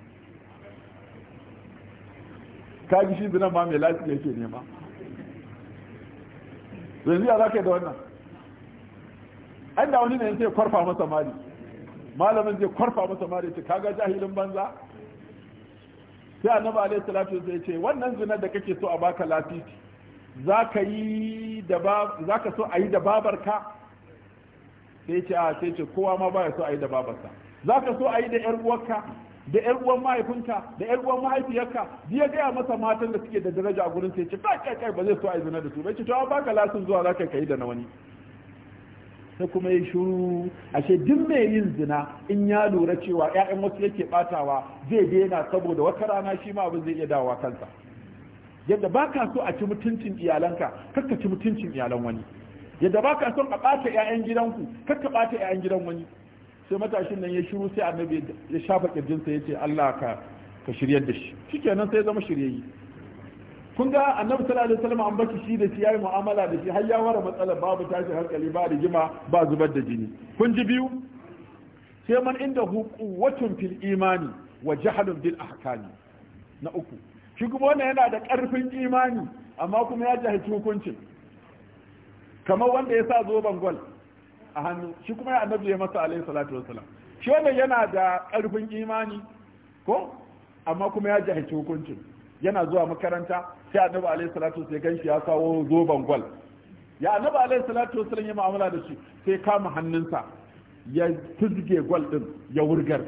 kaji shi zina ma mai lati yake nema yanzu ya zaka da wannan an da wani ne sai kwarfa masa mali malamin zai kwarfa masa mali ce kaga jahilin banza sai annabi alayhi salatu wasallam ya ce wannan zina da kake so a baka lafiya zaka yi da ba zaka so a yi da babarka sai ce a ah, sai ce kowa ma baya so a yi da babarsa zaka so a yi da yar uwarka da yar uwan mahaifinka da yar uwan mahaifiyarka ji ya gaya masa matan da suke da daraja a gurin sai ce kai kai kai ba zai so a yi zina da su bai ce to a baka lasin zuwa zaka kai da na wani sai kuma ya shuru ashe duk mai yin zina in ya lura cewa ƴaƴan wasu yake batawa zai daina saboda wata rana shi ma abin zai iya dawowa kansa yadda ba ka so a ci mutuncin iyalanka kakka ci mutuncin iyalan wani yadda ba ka so a ɓata ƴaƴan gidanku kakka ɓata ƴaƴan gidan wani sai matashin nan ya shiru sai annabi ya shafa kirjinsa ya ce Allah ka ka shiryar da shi shikenan sai zama shiryayi. kun ga annabi sallallahu alaihi wasallam an baki shi da shi yayi mu'amala da shi har ya wara matsala babu tashi hankali ba jima ba zubar da jini kun ji biyu sai man inda quwwatun fil imani wa jahlun bil ahkami na uku shi kuma wannan yana da karfin imani amma kuma ya jahilci hukuncin kamar wanda ya sa zoben gwal a hannu shi kuma ya annabi ya masa alaihi salatu wasallam shi wannan yana da karfin imani ko amma kuma ya jahilci hukuncin yana zuwa makaranta sai annabi alayhi salatu sai ganshi ya sawo zoban gwal ya annabi alayhi salatu wasallam ya mu'amala da shi sai kama hannunsa ya fizge gwal din ya wurgar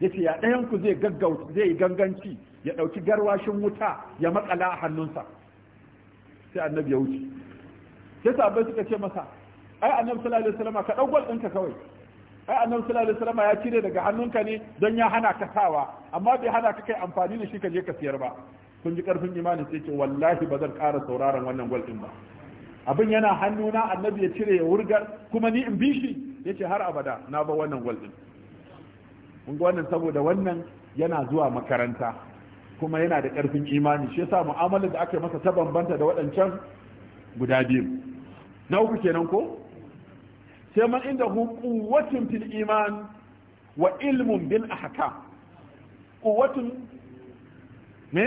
yace ya ɗayan ku zai gaggauta zai ganganci ya ɗauki garwashin wuta ya makala a hannunsa sai annabi ya wuce sai sabai suka ce masa ai annabi sallallahu alaihi wasallam ka dau gwal ɗinka kawai ai annabi sallallahu alaihi wasallam ya cire daga hannunka ne don ya hana ka sawa amma bai hana ka kai amfani da shi ka je ka siyar ba kun ji karfin imani sai ce wallahi ba zan ƙara sauraron wannan gwal din ba abin yana hannuna annabi ya cire ya wurgar kuma ni in bi shi yace har abada na ba wannan gwal din kun ga wannan saboda wannan yana zuwa makaranta kuma yana da karfin imani shi yasa mu'amalar da aka masa ta bambanta da waɗancan guda biyu na uku kenan ko sai man inda hu quwwatun fil iman wa ilmun bil ahkam quwwatun me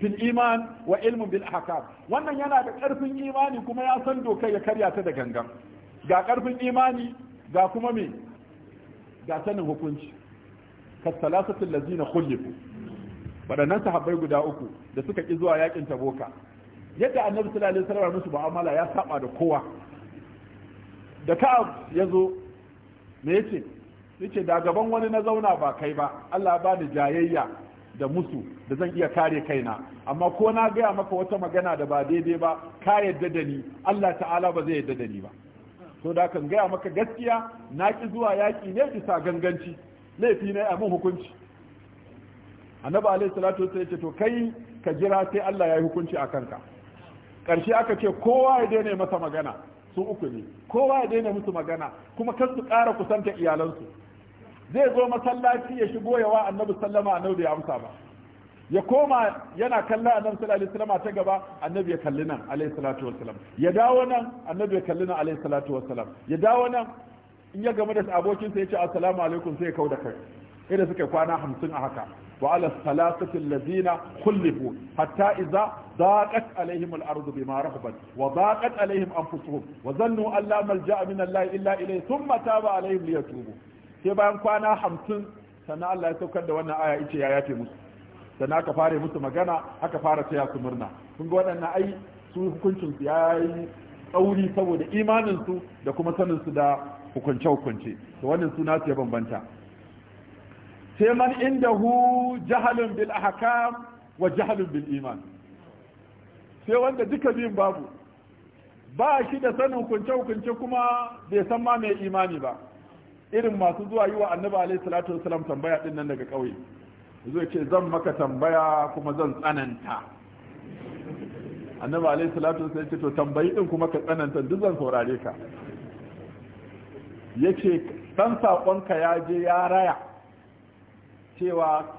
fil iman wa ilmun bil ahkam wannan yana da karfin imani kuma ya san dokar ya karya ta da gangan ga karfin imani ga kuma me ga sanin hukunci ka kasalasatu lazina khulifu waɗannan sahabbai guda uku da suka ƙi zuwa yakin taboka yadda annabi sallallahu alaihi wasallam musu mu'amala ya saba da kowa da ka'ab ya zo me ce ce da gaban wani na zauna ba kai ba Allah ba ni jayayya da musu da zan iya kare kaina amma ko na gaya maka wata magana da ba daidai ba ka yadda da ni Allah ta'ala ba zai yadda da ni ba to da kan gaya maka gaskiya na ki zuwa yaƙi ne bisa ganganci laifi ne a mun hukunci annabi alaihi salatu wasallam ce to kai ka jira sai Allah ya yi hukunci a kanka karshe aka ce kowa ya daina masa magana su uku ne kowa ya daina musu magana kuma kan su ƙara kusanta iyalansu zai zo masallaci ya shigo yawa annabi sallama annabi ya amsa ba ya koma yana kalla annabi sallallahu alaihi wasallam ta gaba annabi ya kalli nan alaihi salatu wasallam ya dawo nan annabi ya kalli nan alaihi salatu wasallam ya dawo nan in ya gamu da abokinsa ya ce assalamu alaikum sai ya kauda kai idan suka kwana hamsin a haka وعلى الثلاثة الذين خلفوا حتى إذا ضاقت عليهم الأرض بما رحبت وضاقت عليهم أنفسهم وظنوا أن لا ملجأ من الله إلا إليه ثم تاب عليهم ليتوبوا كما ينقانا حمسن سنة الله يتوكد وانا آية إيش آياتي مسلم سنة aka fara musu magana aka fara taya su murna kun ga waɗannan ai su hukuncin su yayi tsauri saboda imanin su da kuma sanin su da hukunce hukunce to wannan suna su ya bambanta sai man hu jahalun bil ahkam wa jahalun bil iman sai wanda duka biyun babu ba shi da sanin kunce kunce kuma bai san ma mai imani ba irin masu zuwa yi wa annabi alaihi salatu wasalam tambaya din nan daga kauye zai ce zan maka tambaya kuma zan tsananta annabi alaihi salatu wasalam ce to tambayi din kuma ka tsananta duk zan saurare ka yace dan sakonka ya je ya raya cewa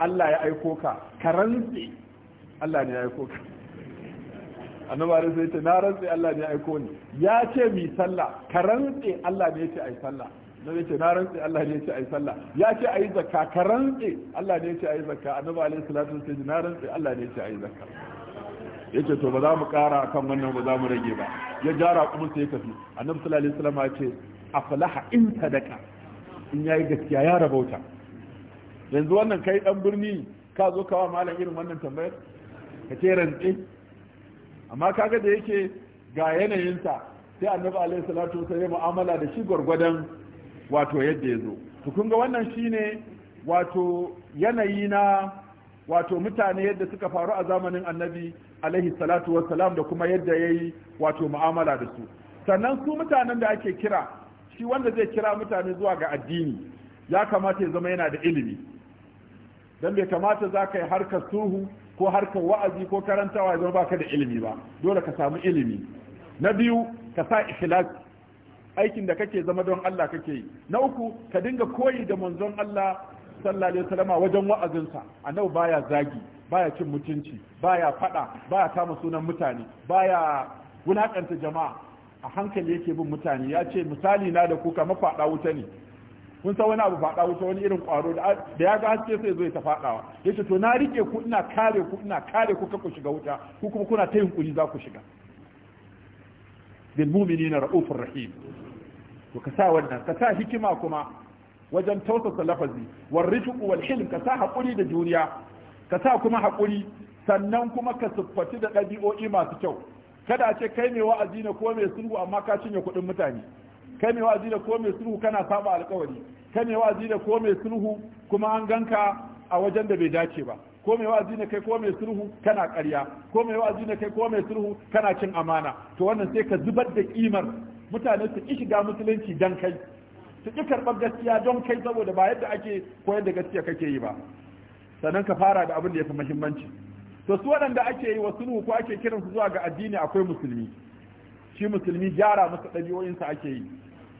Allah ya aiko ka ka rantse Allah ne ya aiko ka annabare sai ta na rantse Allah ne ya aiko ni ya ce mi sallah ka rantse Allah ne ya ce ai sallah na ce na rantse Allah ne ya ce ai sallah ya ce ai zakka ka rantse Allah ne ya ce ai zakka annabare alaihi salatu wasallam na rantse Allah ne ya ce ai zakka yace to ba za mu kara akan wannan ba za mu rage ba ya jara kuma sai ya kafi annabi sallallahu alaihi wasallam ya ce aflaha in sadaka in yayi gaskiya ya rabauta yanzu wannan kai dan birni ka zo kawa malam irin wannan tambayar ka ce rantsi amma kaga da yake ga yanayinsa sai annabi alaihi salatu wasallam ya mu'amala da shi gwargwadon wato yadda ya zo to kun ga wannan shine wato yanayi na wato mutane yadda suka faru a zamanin annabi alaihi salatu salam, da kuma yadda ya yi wato mu'amala da su sannan su mutanen da ake kira shi wanda zai kira mutane zuwa ga addini ya kamata ya zama yana da ilimi dan bai kamata za ka yi harkar suhu ko harkar wa'azi ko karantawa ya baka da ilimi ba dole ka samu ilimi na biyu ka sa ikhlas aikin da kake zama don Allah kake yi na uku ka dinga koyi da manzon Allah sallallahu alaihi wasallam wajen wa'azinsa annabi baya zagi baya cin mutunci baya fada baya kama sunan mutane baya wulakanta jama'a a hankali yake bin mutane ya ce misali na da kuka mafada wuta ne kun san wani abu faɗa wuta wani irin ƙwaro da ya ga haske sai zai ta faɗawa ya ce to na rike ku ina kare ku ina kare ku ku shiga wuta ku kuma kuna ta yunkuri za ku shiga bil mu'minina ra'ufur rahim to ka sa wannan ka sa hikima kuma wajen tausasa lafazi war rifqu wal hilm ka sa hakuri da duniya ka sa kuma hakuri sannan kuma ka siffati da ɗabi'o'i masu kyau kada a ce kai mai wa'azi ne ko mai sulhu amma ka cinye kuɗin mutane kame wa ko mai sulhu kana saba alkawari kame wa ko mai sulhu kuma an ganka a wajen da bai dace ba ko mai wa ne kai ko mai sulhu kana ƙarya ko mai wa ne kai ko mai sulhu kana cin amana to wannan sai ka zubar da kimar mutane su ki shiga musulunci dan kai su ki karɓar gaskiya don kai saboda ba yadda ake koyar da gaskiya kake yi ba sannan ka fara da abin da ya fi muhimmanci to su waɗanda ake yi wa sulhu ko ake kiransu zuwa ga addini akwai musulmi shi musulmi gyara masa ɗabi'o'insa ake yi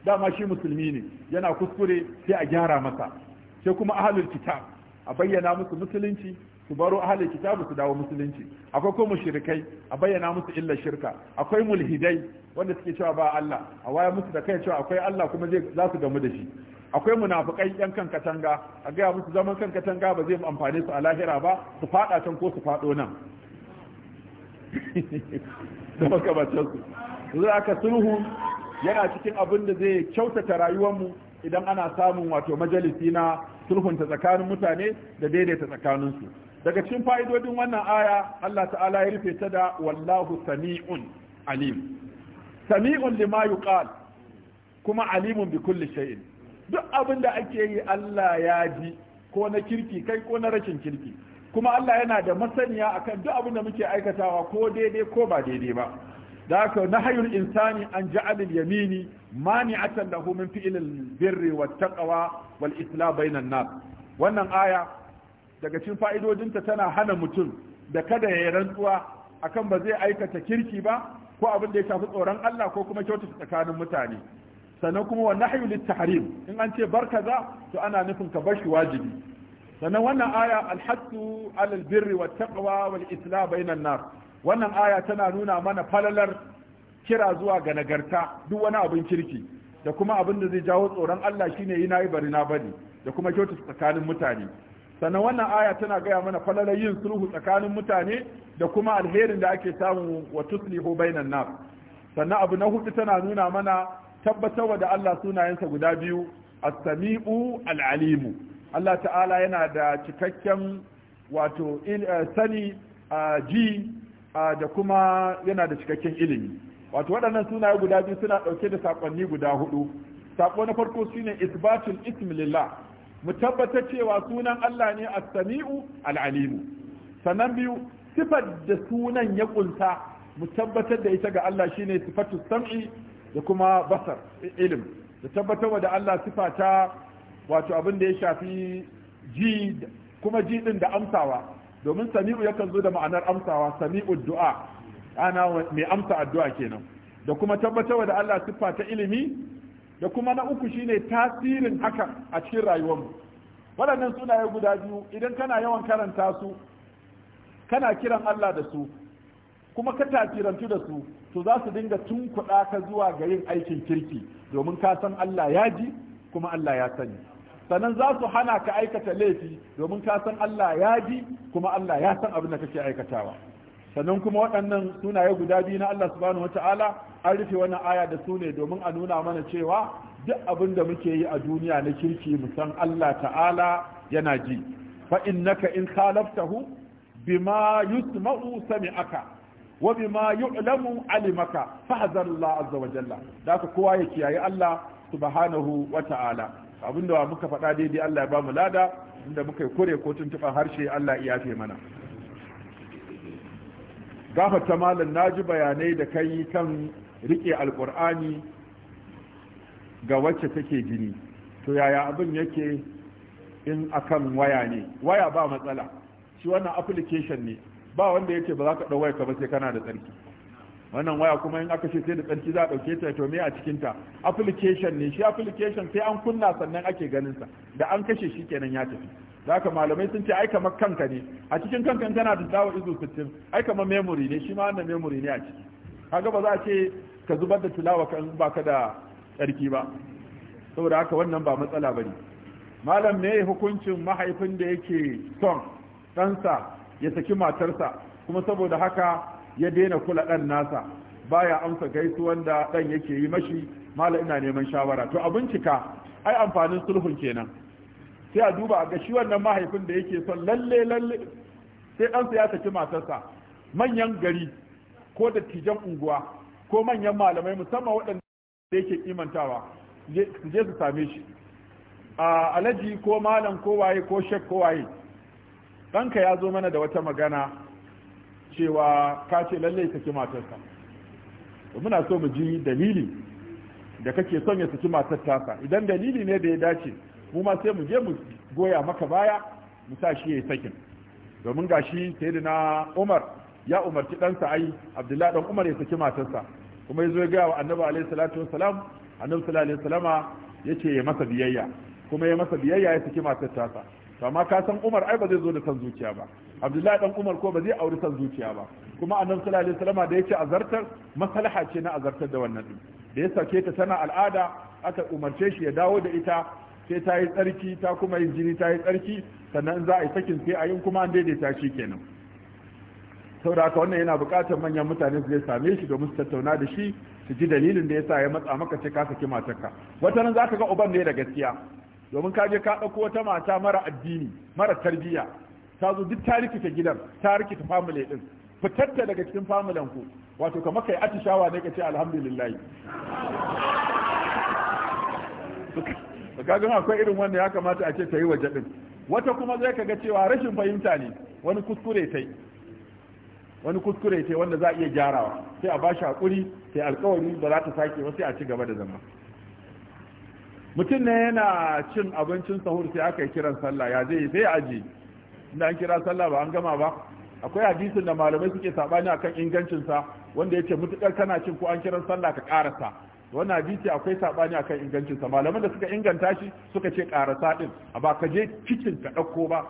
dama shi musulmi ne yana kuskure sai a gyara masa sai kuma ahalul kitab a bayyana musu musulunci su baro ahalul kitab su dawo musulunci akwai kuma mushrikai a bayyana musu illa shirka akwai mulhidai wanda suke cewa ba Allah a waya musu da kai cewa akwai Allah kuma zai za su gamu da shi akwai munafukai yan kan katanga a gaya musu zaman kan katanga ba zai amfane su a lahira ba su faɗa can ko su faɗo nan da makamantar su aka sulhu yana cikin abin da zai kyautata rayuwar mu idan ana samun wato majalisi na sulhunta tsakanin mutane da daidaita tsakaninsu daga cikin fa'idodin wannan aya Allah ta'ala ya rufe ta da wallahu sami'un alim sami'un lima yuqal kuma alimun bi kulli shay'in duk abin da ake yi Allah ya ji ko na kirki kai ko na rashin kirki kuma Allah yana da masaniya akan duk abin da muke aikatawa ko daidai ko ba daidai ba da haka nahayul insani an ja'al yamini mani'atan lahu min fi'l al-birri wat-taqwa wal-islah bainan nas wannan aya daga cikin fa'idodinta tana hana mutum da kada ya rantsuwa akan ba zai aikata kirki ba ko abin da ya shafi tsoron Allah ko kuma kyautata tsakanin mutane sannan kuma wa nahyu lit-tahrim in an ce barkaza to ana nufin ka bar shi wajibi sannan wannan aya al-hasu alal birri wat-taqwa wal-islah bainan nas wannan aya tana nuna mana falalar kira zuwa ga nagarta duk wani abin kirki da kuma abin da zai jawo tsoron Allah shine yi nayi bari na bari da kuma kyautu tsakanin mutane sannan wannan aya tana gaya mana falalar yin sulhu tsakanin mutane da kuma alherin da ake samu wa tuslihu bainan nas sannan abu na hudu tana nuna mana tabbatarwa da Allah sunayensa guda biyu as-sami'u al-alimu Allah ta'ala yana da cikakken wato eh, sani ah, ji da kuma yana da cikakken ilimi wato waɗannan sunaye guda biyu suna ɗauke da saƙonni guda hudu saƙo na farko shine isbatul ism lillah mu tabbatar cewa sunan Allah ne as-sami'u al-alimu sannan biyu sifar da sunan ya kunta mu tabbatar da ita ga Allah shine sifatu sam'i da kuma basar ilim da tabbatar da Allah sifata wato abin da ya shafi ji kuma ji din da amsawa domin sami'u yakan zo da ma'anar amsawa sami'u du'a ana mai amsa addu'a kenan da kuma tabbatarwa da Allah siffa ta ilimi da kuma na uku shine tasirin haka a cikin rayuwarmu waɗannan sunaye guda biyu idan kana yawan karanta su kana kiran Allah da su kuma ka tasirantu da su to za su dinga kuɗa ka zuwa ga yin aikin kirki domin ka san Allah ya ji kuma Allah ya sani sannan za su hana ka aikata laifi domin ka san Allah ya ji kuma Allah ya san abin da kake aikatawa sannan kuma waɗannan sunaye guda biyu na Allah subhanahu wata'ala an rufe wannan aya da su ne domin a nuna mana cewa duk abin da muke yi a duniya na kirki mu san Allah ta'ala yana ji fa innaka in khalaftahu bima yusma'u sami'aka wa bima yu'lamu alimaka fahzar Allah azza wa jalla da kowa ya kiyaye Allah subhanahu wata'ala abinda wa muka faɗa daidai Allah ya ba mu lada inda muka yi kore ko tuntuɓar harshe Allah ya yafe mana ta malam na ji bayanai da kai kan riƙe alƙur'ani ga wacce take jini to yaya abin yake in akan waya ne waya ba matsala shi wannan application ne ba wanda yake ba za ka ɗau waya ka ba sai kana da tsarki wannan waya kuma in aka ce sai da tsarki za a ɗauke ta to me a cikin ta application ne shi application sai an kunna sannan ake ganin sa da an kashe shi kenan ya tafi zaka malamai sun ce ai kamar kanka ne a cikin kanka in kana da dawo izo 60 ai kamar memory ne shi ma wannan memory ne a ciki kaga ba za a ce ka zubar da tilawa kan ba ka da tsarki ba saboda haka wannan ba matsala bane malam me hukuncin mahaifin da yake son ɗansa ya saki matarsa kuma saboda haka ya daina kula ɗan nasa baya amsa gaisuwan da ɗan yake yi mashi mala ina neman shawara to a bincika ai amfanin sulhun kenan sai a duba ga shi wannan mahaifin da yake son lalle lalle sai ɗansa ya saki matarsa manyan gari ko dattijan unguwa ko manyan malamai musamman waɗanda yake imantawa su je su same shi a alaji ko malam ko waye ko shek ko waye ɗanka ya zo mana da wata magana cewa ka ce lallai saki matarsa muna so mu ji dalili da kake son ya saki matar tasa idan dalili ne da ya dace mu ma sai mu je mu goya maka baya mu sa shi yayi sakin domin gashi na Umar ya umarci ɗansa ai Abdullahi dan Umar ya saki matarsa kuma yazo ya ga wa Annabi alaihi salatu wassalam Annabi sallallahu alaihi wasallama yace ya masa biyayya kuma ya masa biyayya ya saki matar tasa to amma ka san Umar ai ba zai zo da san zuciya ba Abdullahi dan Umar ko ba zai auri san zuciya ba kuma Annabi sallallahu alaihi wasallama da yake azartar maslaha ce na azartar da wannan din da ya sake ta tana al'ada aka umarce shi ya dawo da ita sai ta yi tsarki ta kuma yi jini ta yi tsarki sannan za a yi sakin sai a yi kuma an daidaita shi kenan saboda haka wannan yana buƙatar manyan mutane su zai same shi domin su tattauna da shi su ji dalilin da ya sa ya matsa maka ce ka saki matarka wata nan zaka ga uban ne da gaskiya domin ka je ka ɗauko wata mata mara addini mara tarbiyya ta zo duk ta rikita gidan ta rikita family din fitar da daga cikin family ku wato kamar kai atishawa ne kace alhamdulillah kaga akwai irin wanda ya kamata a ce ta yi waje din wata kuma zai kaga cewa rashin fahimta ne wani kuskure tai wani kuskure tai wanda za a iya gyarawa sai a bashi hakuri sai alkawari ba za ta sake ba sai a ci gaba da zama mutum ne yana cin abincin sahur sai aka yi kiran sallah ya zai sai aji inda an kira sallah ba an gama ba akwai hadisin da malamai suke sabani akan ingancin sa wanda yake mutukar kana cin ko an kiran sallah ka karasa wannan hadisi akwai sabani akan ingancin sa malaman da suka inganta shi suka ce karasa din ba ka je kicin ka dauko ba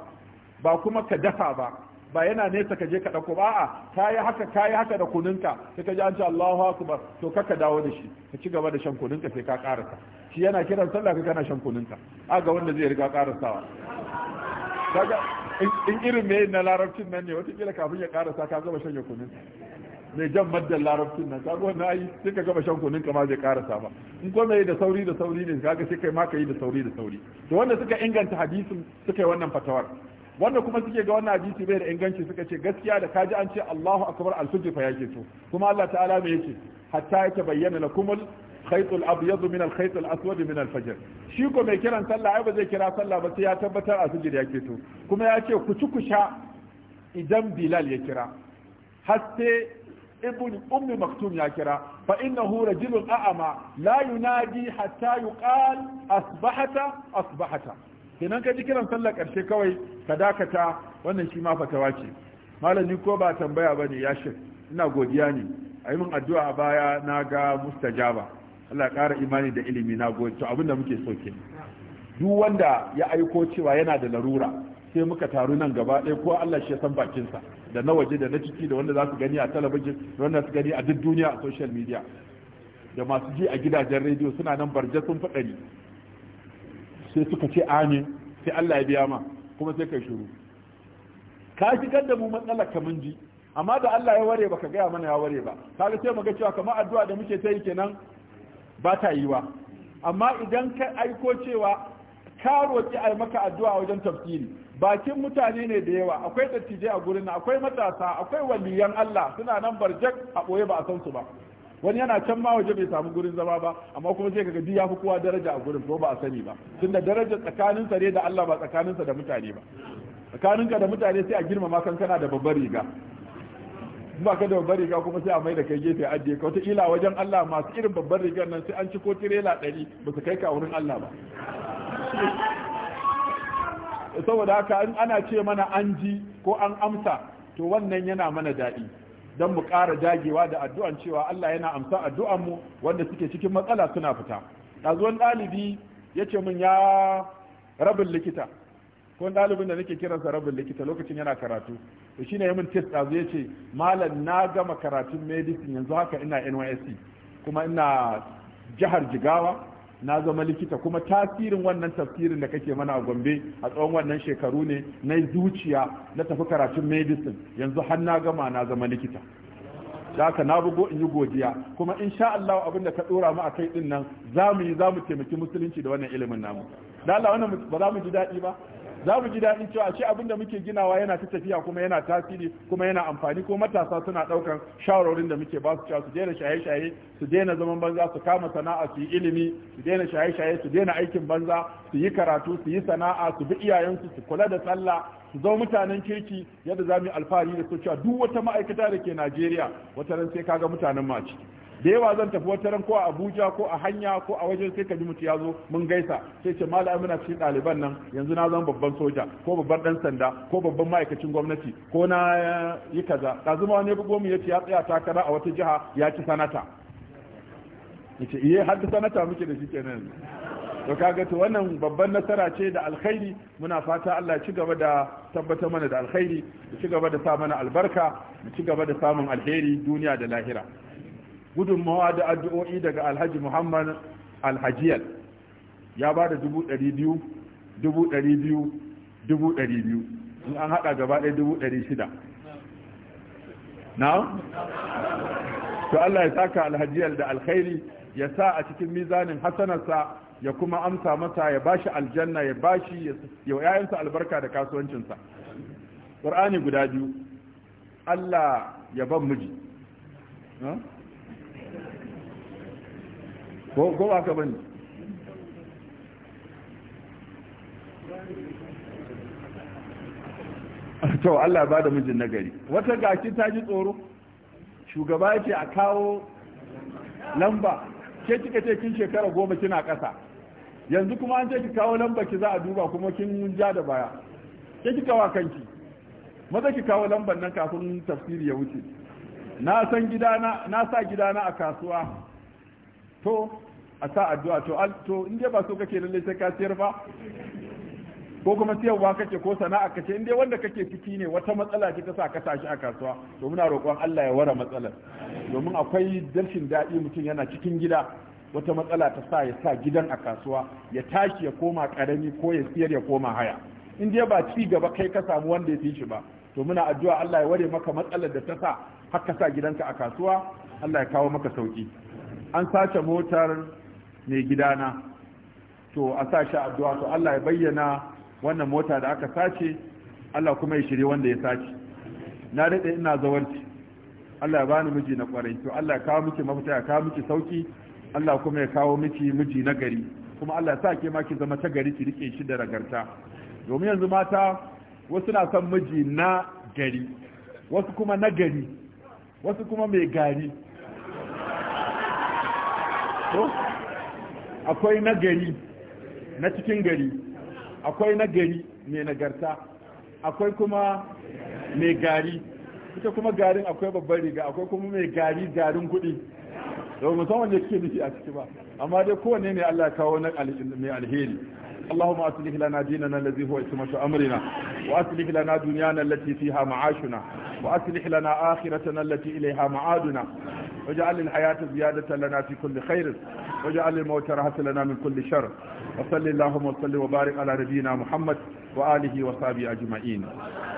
ba kuma ka dafa ba ba yana nesa ka je ka dauko ba a, kai haka kai haka da kuninka sai ka ji an ce Allahu akbar to kaka dawo da shi ka ci gaba da shan kuninka sai ka karasa shi yana kiran sallah ka kana shan kuninka ga wanda zai riga karasawa kaga in irin me na larabcin nan ne wata kila kafin ya karasa ka gaba shan kuninka mai jan maddan larabcin nan kaga wannan ai sai ka gaba shan kununka ma zai karasa ba in ko mai da sauri da sauri ne kaga sai kai ma kai da sauri da sauri to wanda suka inganta hadisin suka yi wannan fatawar wanda kuma suke ga wannan hadisi bai da inganci suka ce gaskiya da kaji an ce Allahu akbar al-fajr fa yake so kuma Allah ta'ala me yake hatta yake bayyana lakumul khayt al-abyad min al-khayt al-aswad min al-fajr shi ko mai kiran sallah ai ba zai kira sallah ba sai ya tabbatar al-fajr yake so kuma ya ce ku ci ku sha idan Bilal ya kira har ibn ummi maktum ya kira fa innahu rajulun a'ama la yunadi hatta yuqal asbahata asbahata kenan ka ji kiran sallar ƙarshe kawai ka dakata wannan shi ma fatawa ce malami ko ba tambaya ba ne ya shi ina godiya ne a yi min addu'a a baya na ga mustajaba Allah ƙara imani da ilimi na gode to abin da muke so ke duk wanda ya aiko cewa yana da larura sai muka taru nan gaba ɗaya ko Allah shi ya san bakinsa da na waje da na ciki da wanda za su gani a talabijin da wanda su gani a duk duniya a social media da masu ji a gidajen rediyo suna nan barje sun faɗari sai suka ce amin sai Allah ya biya ma kuma sai kai shiru ka shigar da mu matsala kaman ji amma da Allah ya ware baka gaya mana ya ware ba kaga sai mu ga cewa kamar addu'a da muke ta yi kenan ba ta yi wa. amma idan ka aiko cewa ka roki ai maka addu'a wajen tafsiri bakin mutane ne da yawa akwai dattijai a gurin akwai matasa akwai waliyan Allah suna nan barjak a boye ba a san su ba wani yana can ma waje bai samu gurin zama ba amma kuma sai kaga ya fi kowa daraja a gurin ko ba a sani ba tunda daraja tsakanin sa ne da Allah ba tsakanin sa da mutane ba tsakaninka da mutane sai a girmama kan kana da babbar riga ba ka da babbar riga kuma sai a mai da kai gefe ajiye ka wata ila wajen Allah masu irin babbar rigar nan sai an ci ko tirela ɗari ba su kai ka wurin Allah ba saboda haka ana ce mana an ji ko an amsa to wannan yana mana daɗi don mu ƙara dagewa da addu'an cewa Allah yana amsa addu'anmu wanda suke cikin matsala suna fita ɗazuwan ɗalibi ya ce min ya rabin likita ko ɗalibin da nake kiransa rabin likita lokacin yana karatu to shine ya min tes ɗazu ya ce malam na gama karatun medicine yanzu haka ina nysc kuma ina jihar jigawa na zama likita kuma tasirin wannan tafsirin da kake mana a gombe a tsawon wannan shekaru ne na zuciya na tafi karatun medicine yanzu har na gama na zama likita da haka na bugo in yi godiya kuma in sha Allah abin da ka dora mu akai din nan za mu yi za taimaki musulunci da wannan ilimin namu da Allah wannan ba za mu ji daɗi ba za mu ji daɗin cewa shi abin da muke ginawa yana ta tafiya kuma yana tasiri kuma yana amfani ko matasa suna ɗaukan shawarorin da muke ba su cewa su daina shaye-shaye su daina zaman banza su kama sana'a su yi ilimi su daina shaye-shaye su daina aikin banza su yi karatu su yi sana'a su bi iyayensu su kula da sallah su zama mutanen kirki yadda za mu yi alfahari da su cewa duk wata ma'aikata da ke Najeriya wata ran sai ga mutanen ma ciki da yawa zan tafi wata ran ko a Abuja ko a hanya ko a wajen sai ka ji mutu ya zo mun gaisa sai ce malam muna cikin ɗaliban nan yanzu na zama babban soja ko babban dan sanda ko babban ma'aikacin gwamnati ko na yi kaza ɗazuma wani bugo mu yace ya tsaya takara a wata jiha ya ci sanata yace iye eh, har sanata muke da shi kenan to kaga to wannan babban nasara ce da alkhairi muna fata Allah ya ci gaba da tabbatar mana da alkhairi ya ci gaba da sa mana albarka ya ci gaba da samun alheri duniya da lahira gudunmawa da addu'o'i daga alhaji muhammad alhajiyar ya ba da dubu ɗari biyu dubu ɗari biyu dubu ɗari biyu in an haɗa gaba ɗaya dubu ɗari shida na? to Allah ya saka alhajiyar da alkhairi ya sa a cikin mizanin hasanarsa ya kuma amsa masa ya ba shi aljanna ya ba shi ya yayansa albarka da kasuwancinsa ƙur'ani guda biyu Allah ya ban miji ko ba ka bane to Allah ba da mijin nagari wata gashi ta ji tsoro shugaba yake a kawo lamba ke kika ce kin shekara goma kina ƙasa yanzu kuma an ce ki kawo lamba ki za a duba kuma kin ja da baya ke kika wa kanki maza ki kawo lamban nan kafin tafsiri ya wuce na san gidana na sa gidana a kasuwa to a sa addu'a to al to in dai ba so kake lalle sai ka siyar ba ko kuma siyarwa kake ko sana'a kace in dai wanda kake ciki ne wata matsala ce ta sa ka tashi a kasuwa to muna roƙon Allah ya ware matsalar domin akwai dashin daɗi mutum yana cikin gida wata matsala ta sa ya sa gidan a kasuwa ya tashi ya koma karami ko ya siyar ya koma haya in dai ba ci gaba kai ka samu wanda ya fi shi ba to muna addu'a Allah ya ware maka matsalar da ta sa haka sa gidanka a kasuwa Allah ya kawo maka sauki an sace motar mai gidana to a sa shi addu'a to Allah ya bayyana wannan mota da aka sace Allah kuma ya shirye wanda ya sace na daɗe ina zawarci Allah ya bani miji na kwarai to Allah ya kawo miki mafita ya kawo miki sauki Allah kuma ya kawo miki miji na gari kuma Allah ya sa ke ma ki zama ta gari ki rike shi da ragarta domin yanzu mata wasu na son miji na gari wasu kuma na gari wasu kuma mai gari akwai na gari na cikin gari akwai na gari mai nagarta akwai kuma mai gari ita kuma garin akwai babbar riga akwai kuma mai gari garin kuɗi da musamman wanda suke nufi a ciki ba amma dai kowanne ne Allah kawo na mai alheri اللهم أصلح لنا ديننا الذي هو اسمة أمرنا وأصلح لنا دنيانا التي فيها معاشنا وأصلح لنا آخرتنا التي إليها معادنا واجعل الحياة زيادة لنا في كل خير واجعل الموت راحة لنا من كل شر وصل اللهم وصل وبارك على نبينا محمد وآله وصحبه أجمعين